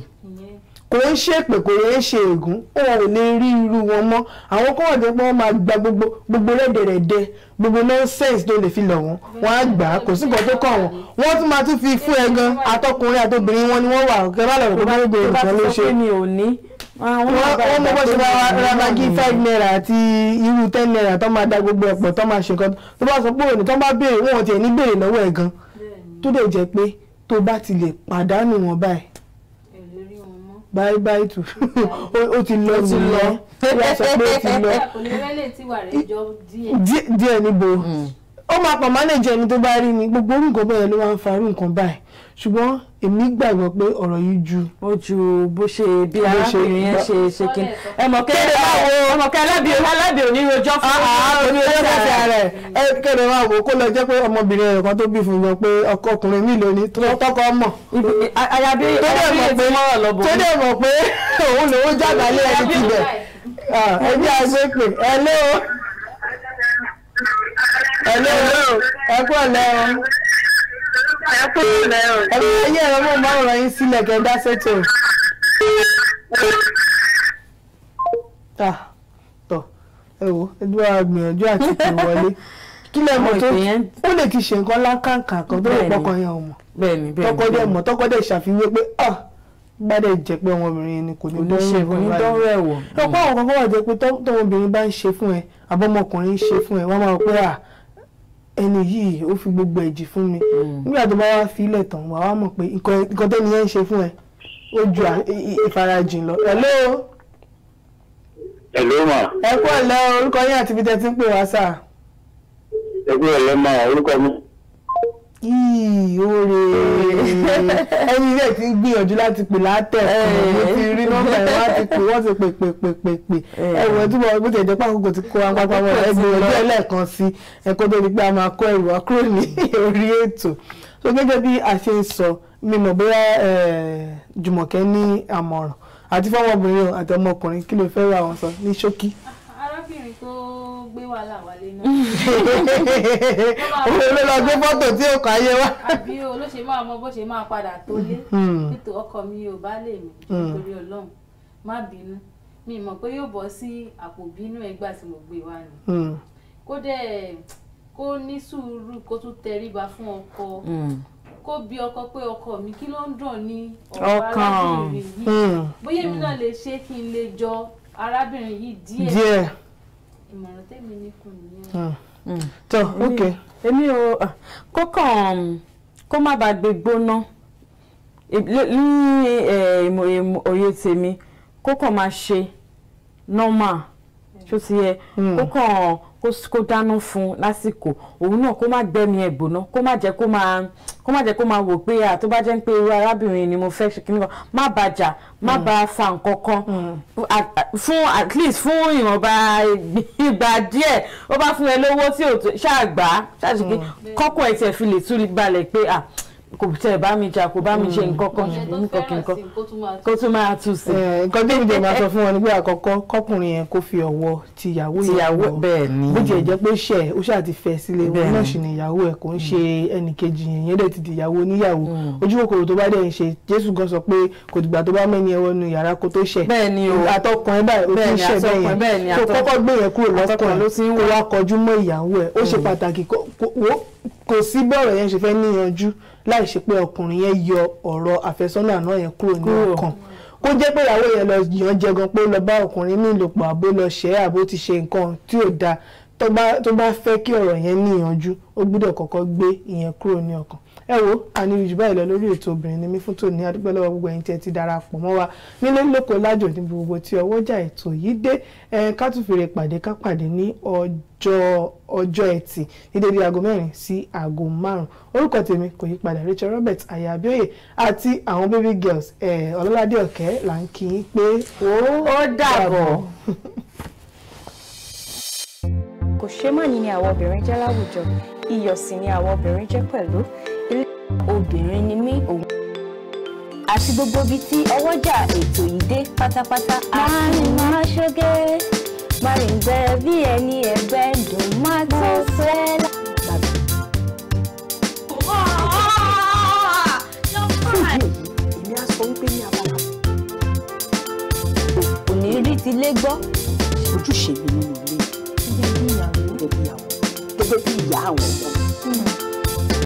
kò ń ṣèpè kò ń ṣe ègún wọn ò lè rí irú wọn mọ́ àwọn kọ́wọ́ tó pé wọ́n máa gba gbogbo gbogbo rẹ́dẹ̀rẹ́dẹ́ gbogbo nonsense tó lè fi lọ̀ wọ́n wọ́n á gbà á kò sí nǹkan tó kàn wọ́n wọ́n tún máa tún fi fún ẹ gan atọ́kùnrin àtobìnrin wọn ni wọ́n wà kẹ́ bá lọ̀rọ̀ gbogbo gbogbo nǹkan ló ṣe wọ́n mọ bó ṣe bá ra maggi five naira àti irú ten naira tó máa da gbogbo ẹ̀pọ̀ tó máa ṣe nǹkan tó bá sọ pé òní tó bá béèrè wọn ò tiẹ̀ ní béèrè lọ́wọ́ ẹ̀ gan tó dẹ̀ jẹ́ pé tó bá ti lè pàdánù wọn báyìí báyìí báyìí tù ó ti lọ ó ti lọ ó yà sọ pé ó ti lọ díẹ̀ níbo. Mm ó máa pọ̀ mánéjì ẹni tó bá rí ni gbogbo orúkọ bẹ́ẹ̀ ló máa ń farú nǹkan báyìí ṣùgbọ́n èmi gbàgbọ́ pé ọ̀rọ̀ yìí ju. ó ju bó ṣe bí arábìnrin yẹn ṣe ṣe kí ni. ẹmọ̀kẹ́ ẹmọ̀kẹ́ alábìnrin òní rojọ́ fún mi. omi ọjọ́ fẹ́fẹ́ rẹ̀ ẹ kéde máa wò kó lọ jẹ́ pé ọmọbìnrin rẹ̀ kan tó bí fún yọ pé ọkùnrin mi lóní tọkọ mọ̀. ayabi ayabi ti mọ̀ràn lọ́bọ̀. tó dẹ̀ mọ̀ pé òun lòún jàgbá ẹni tibẹ̀ ẹbí àgbẹ̀pẹ̀ ẹ lé o. Hello, ẹ kú ọ̀lẹ́ o. Ẹ kú ọ̀lẹ́ o. Ẹ máa yẹ ẹ̀rọ mọ̀ máa ràn yín sílẹ̀ kẹ́ dá sẹ́tò. Tà tọ̀ ẹ wo ẹbí wa gbìyànjú àti ìpè wọlé. Kí lẹ mọ̀ tó ó lè ti ṣe nǹkan lákàǹkà kan tó lè pọkàn yẹn o mọ̀. Bẹ́ẹ̀ni bẹ́ẹ̀ni. ṣàfiwé pé ah bá dẹ̀ jẹ́ pé ọmọbìnrin ni kò ní dánwò ẹ̀wọ̀ ọ̀pọ̀ àwọn kan kọ́ wà jẹ́ pé tọ́mọbìnrin bá ń ṣe fún ẹ àbọ̀mọkùnrin ń ṣe fún ẹ wọ́n máa pé à ẹni yìí ó fi gbogbo ẹ̀jì fún mi hmm. nígbà tó bá wá fi ilẹ̀ tán wà wá mọ̀ pé nǹkan tẹ́ni yẹn ń ṣe fún ẹ ó ju ìfarajìn lọ. hello. hello ma. ẹ kú ọ̀lẹ́ orúkọ yín àti ibi tẹ́ ń pè wá sáà. ẹ ọ̀lẹ́ ma orúkọ mi ìhóore ẹni ilé ti ń gbìyànjú láti pè látẹ̀ eh. mo ti rí nọ́mbà ẹ̀ wá ti pè wọ́n ti pè pè pè pè pè ẹ̀wọ̀n tí mo ti ẹ̀jẹ̀ pàkókò ti kó wọn pápá wọn ẹ̀ gbìyànjú ẹlẹ́ẹ̀kan sí ẹ̀kọ́ tó di pé a máa kó ẹ̀rù wa kúrò ní orí ètò so gẹ́gẹ́ bí a ṣe ń sọ mi mọ̀ bóyá eh, Jùmọ̀kẹ́ ní àmọ̀ràn àti fọmọbìnrin àti ọmọkùnrin kí ló fẹ́ ra wọn sọ ní ṣókí gbé wàhálà wálé náà. òun ló lọ gbé fọ́tò tí ó kọ́ ayé wa. àbí o ló ṣe máa mọ bó ṣe máa padà tó lé hmm. nítorí ọkọ mi ò bá lè mí hmm. nítorí ọlọ́run má bínú mi mọ̀ pé yóò bọ́ sí àpò bínú ẹgbà tí mo gbé wá ni hmm. kó dẹ̀ kó ní sùúrù kó tún tẹríba fún ọkọ kó bi ọkọ pé ọkọ mi kí ló ń dùn ní ọ̀rọ̀ arábìnrin yìí bóyá èmi náà lè ṣe kí n lè jọ arábìnrin yìí díẹ̀ ìmọ̀ràn tèmi ní kò nìyẹn. tó ok èmi ò ah, kókàn kó má bàa gbé gbóná ní òye tèmi kókàn máa ṣe normal hmm. ṣó ti yẹ hmm. kókàn kó dáná fún un lásìkò òun náà kó má gbẹ́mi ẹ̀ gbóná kó má jẹ́ kó máa kó má jẹ́ kó máa wò pé àtó bá jẹ́ pé irú arábìnrin ni mo fẹ́ ṣe kí n lọ má bàjá má bá a mm. fa nǹkan kan mm. fún at least fún ìwọ̀nba ìgbà díẹ̀ ó bá fún ẹ lówó tí ò ṣáà gbà á ṣáà ṣe kí mm. kọ́kọ́ ẹ̀ tiẹ̀ fi lè tú balẹ̀ pé ah kò tẹ bá mi jà kò bá mi ṣe mm. nǹkan kan nǹkan kan kó tún máa tù sí. nǹkan tó ń jẹ máa sọ fún wọn nígbà àkọ́kọ́ kọkùnrin yẹn kó fi ọ̀wọ̀ ti ìyàwó yẹn wọ̀ bẹ́ẹ̀ ni bó tiẹ̀ jẹ́ pé ṣẹ̀ ó ṣáà ti fẹ́ sílé wọn náà sì ni ìyàwó ẹ̀ kò ń mm. ṣe ẹnìkejì yẹn yẹn dẹ̀ ti di ìyàwó oníyàwó mm. ojú kòkòrò tó bá dẹ̀ ń ṣe Jésù gan sọ pé kò dìgbà tó bá mẹ́ni ẹwọ́ nu yàrá kó tó ṣẹ̀ àtọkùnrin báyìí ó ti ń ṣẹ̀ bẹ́ẹ̀ láì ṣe pé ọkùnrin yẹn yọ ọ̀rọ̀ àfẹ́sọ́nà náà yẹn kúrò ní ọkàn kó jẹ́ pé ìyàwó yẹn lọ yàn jẹ gan pé lọ bá ọkùnrin ní ìlòpọ̀ àbó lọ ṣẹ́ àbó ti ṣe nǹkan tí ò dáa tó bá fẹ́ kí ọ̀rọ̀ yẹn níyanjú ó gbúdọ̀ kọ́kọ́ gbé ìyẹn kúrò ní ọkàn ẹ wo àní jù báyìí lọ lórí ètò obìnrin ni mí fún tòní a dúpẹ́ lọ́wọ́ gbogbo ẹ̀yin tí ẹ ti darapọ̀ mọ́ wa nílé lóko lájò ní gbogbo tí ọwọ́jà ètò yìí dé ẹ ká tún fèrè pàdé ká pàdé ní ọjọ́ ọjọ́ ẹtì ní dédé aago mẹ́rin sí aago márùn orúkọ tèmi kò yí padà Rachel Robert ayabioye àti àwọn baby girls ọlọ́ládé ọ̀kẹ́ là ń kí i pé ó dàbọ̀ kò ṣe má ní ni àwọn obìnrin jẹ́ láwùjọ iyọ̀ sì ni àwọn obìnrin jẹ́ pẹ̀lú obìnrin ni mí òun àti gbogbo ibi tí ọwọ́jà ètò yìí dé pátápátá. máa ń máa ṣoge máa rìn gbẹ bí ẹni ẹgbẹ́ dùn máa tó sẹ́lá. onírí ti lé gbọ́. ojúṣe mi nínú ilé gẹ́gẹ́ bí ìyàwó gẹ́gẹ́ bí ìyá àwọn ọmọ.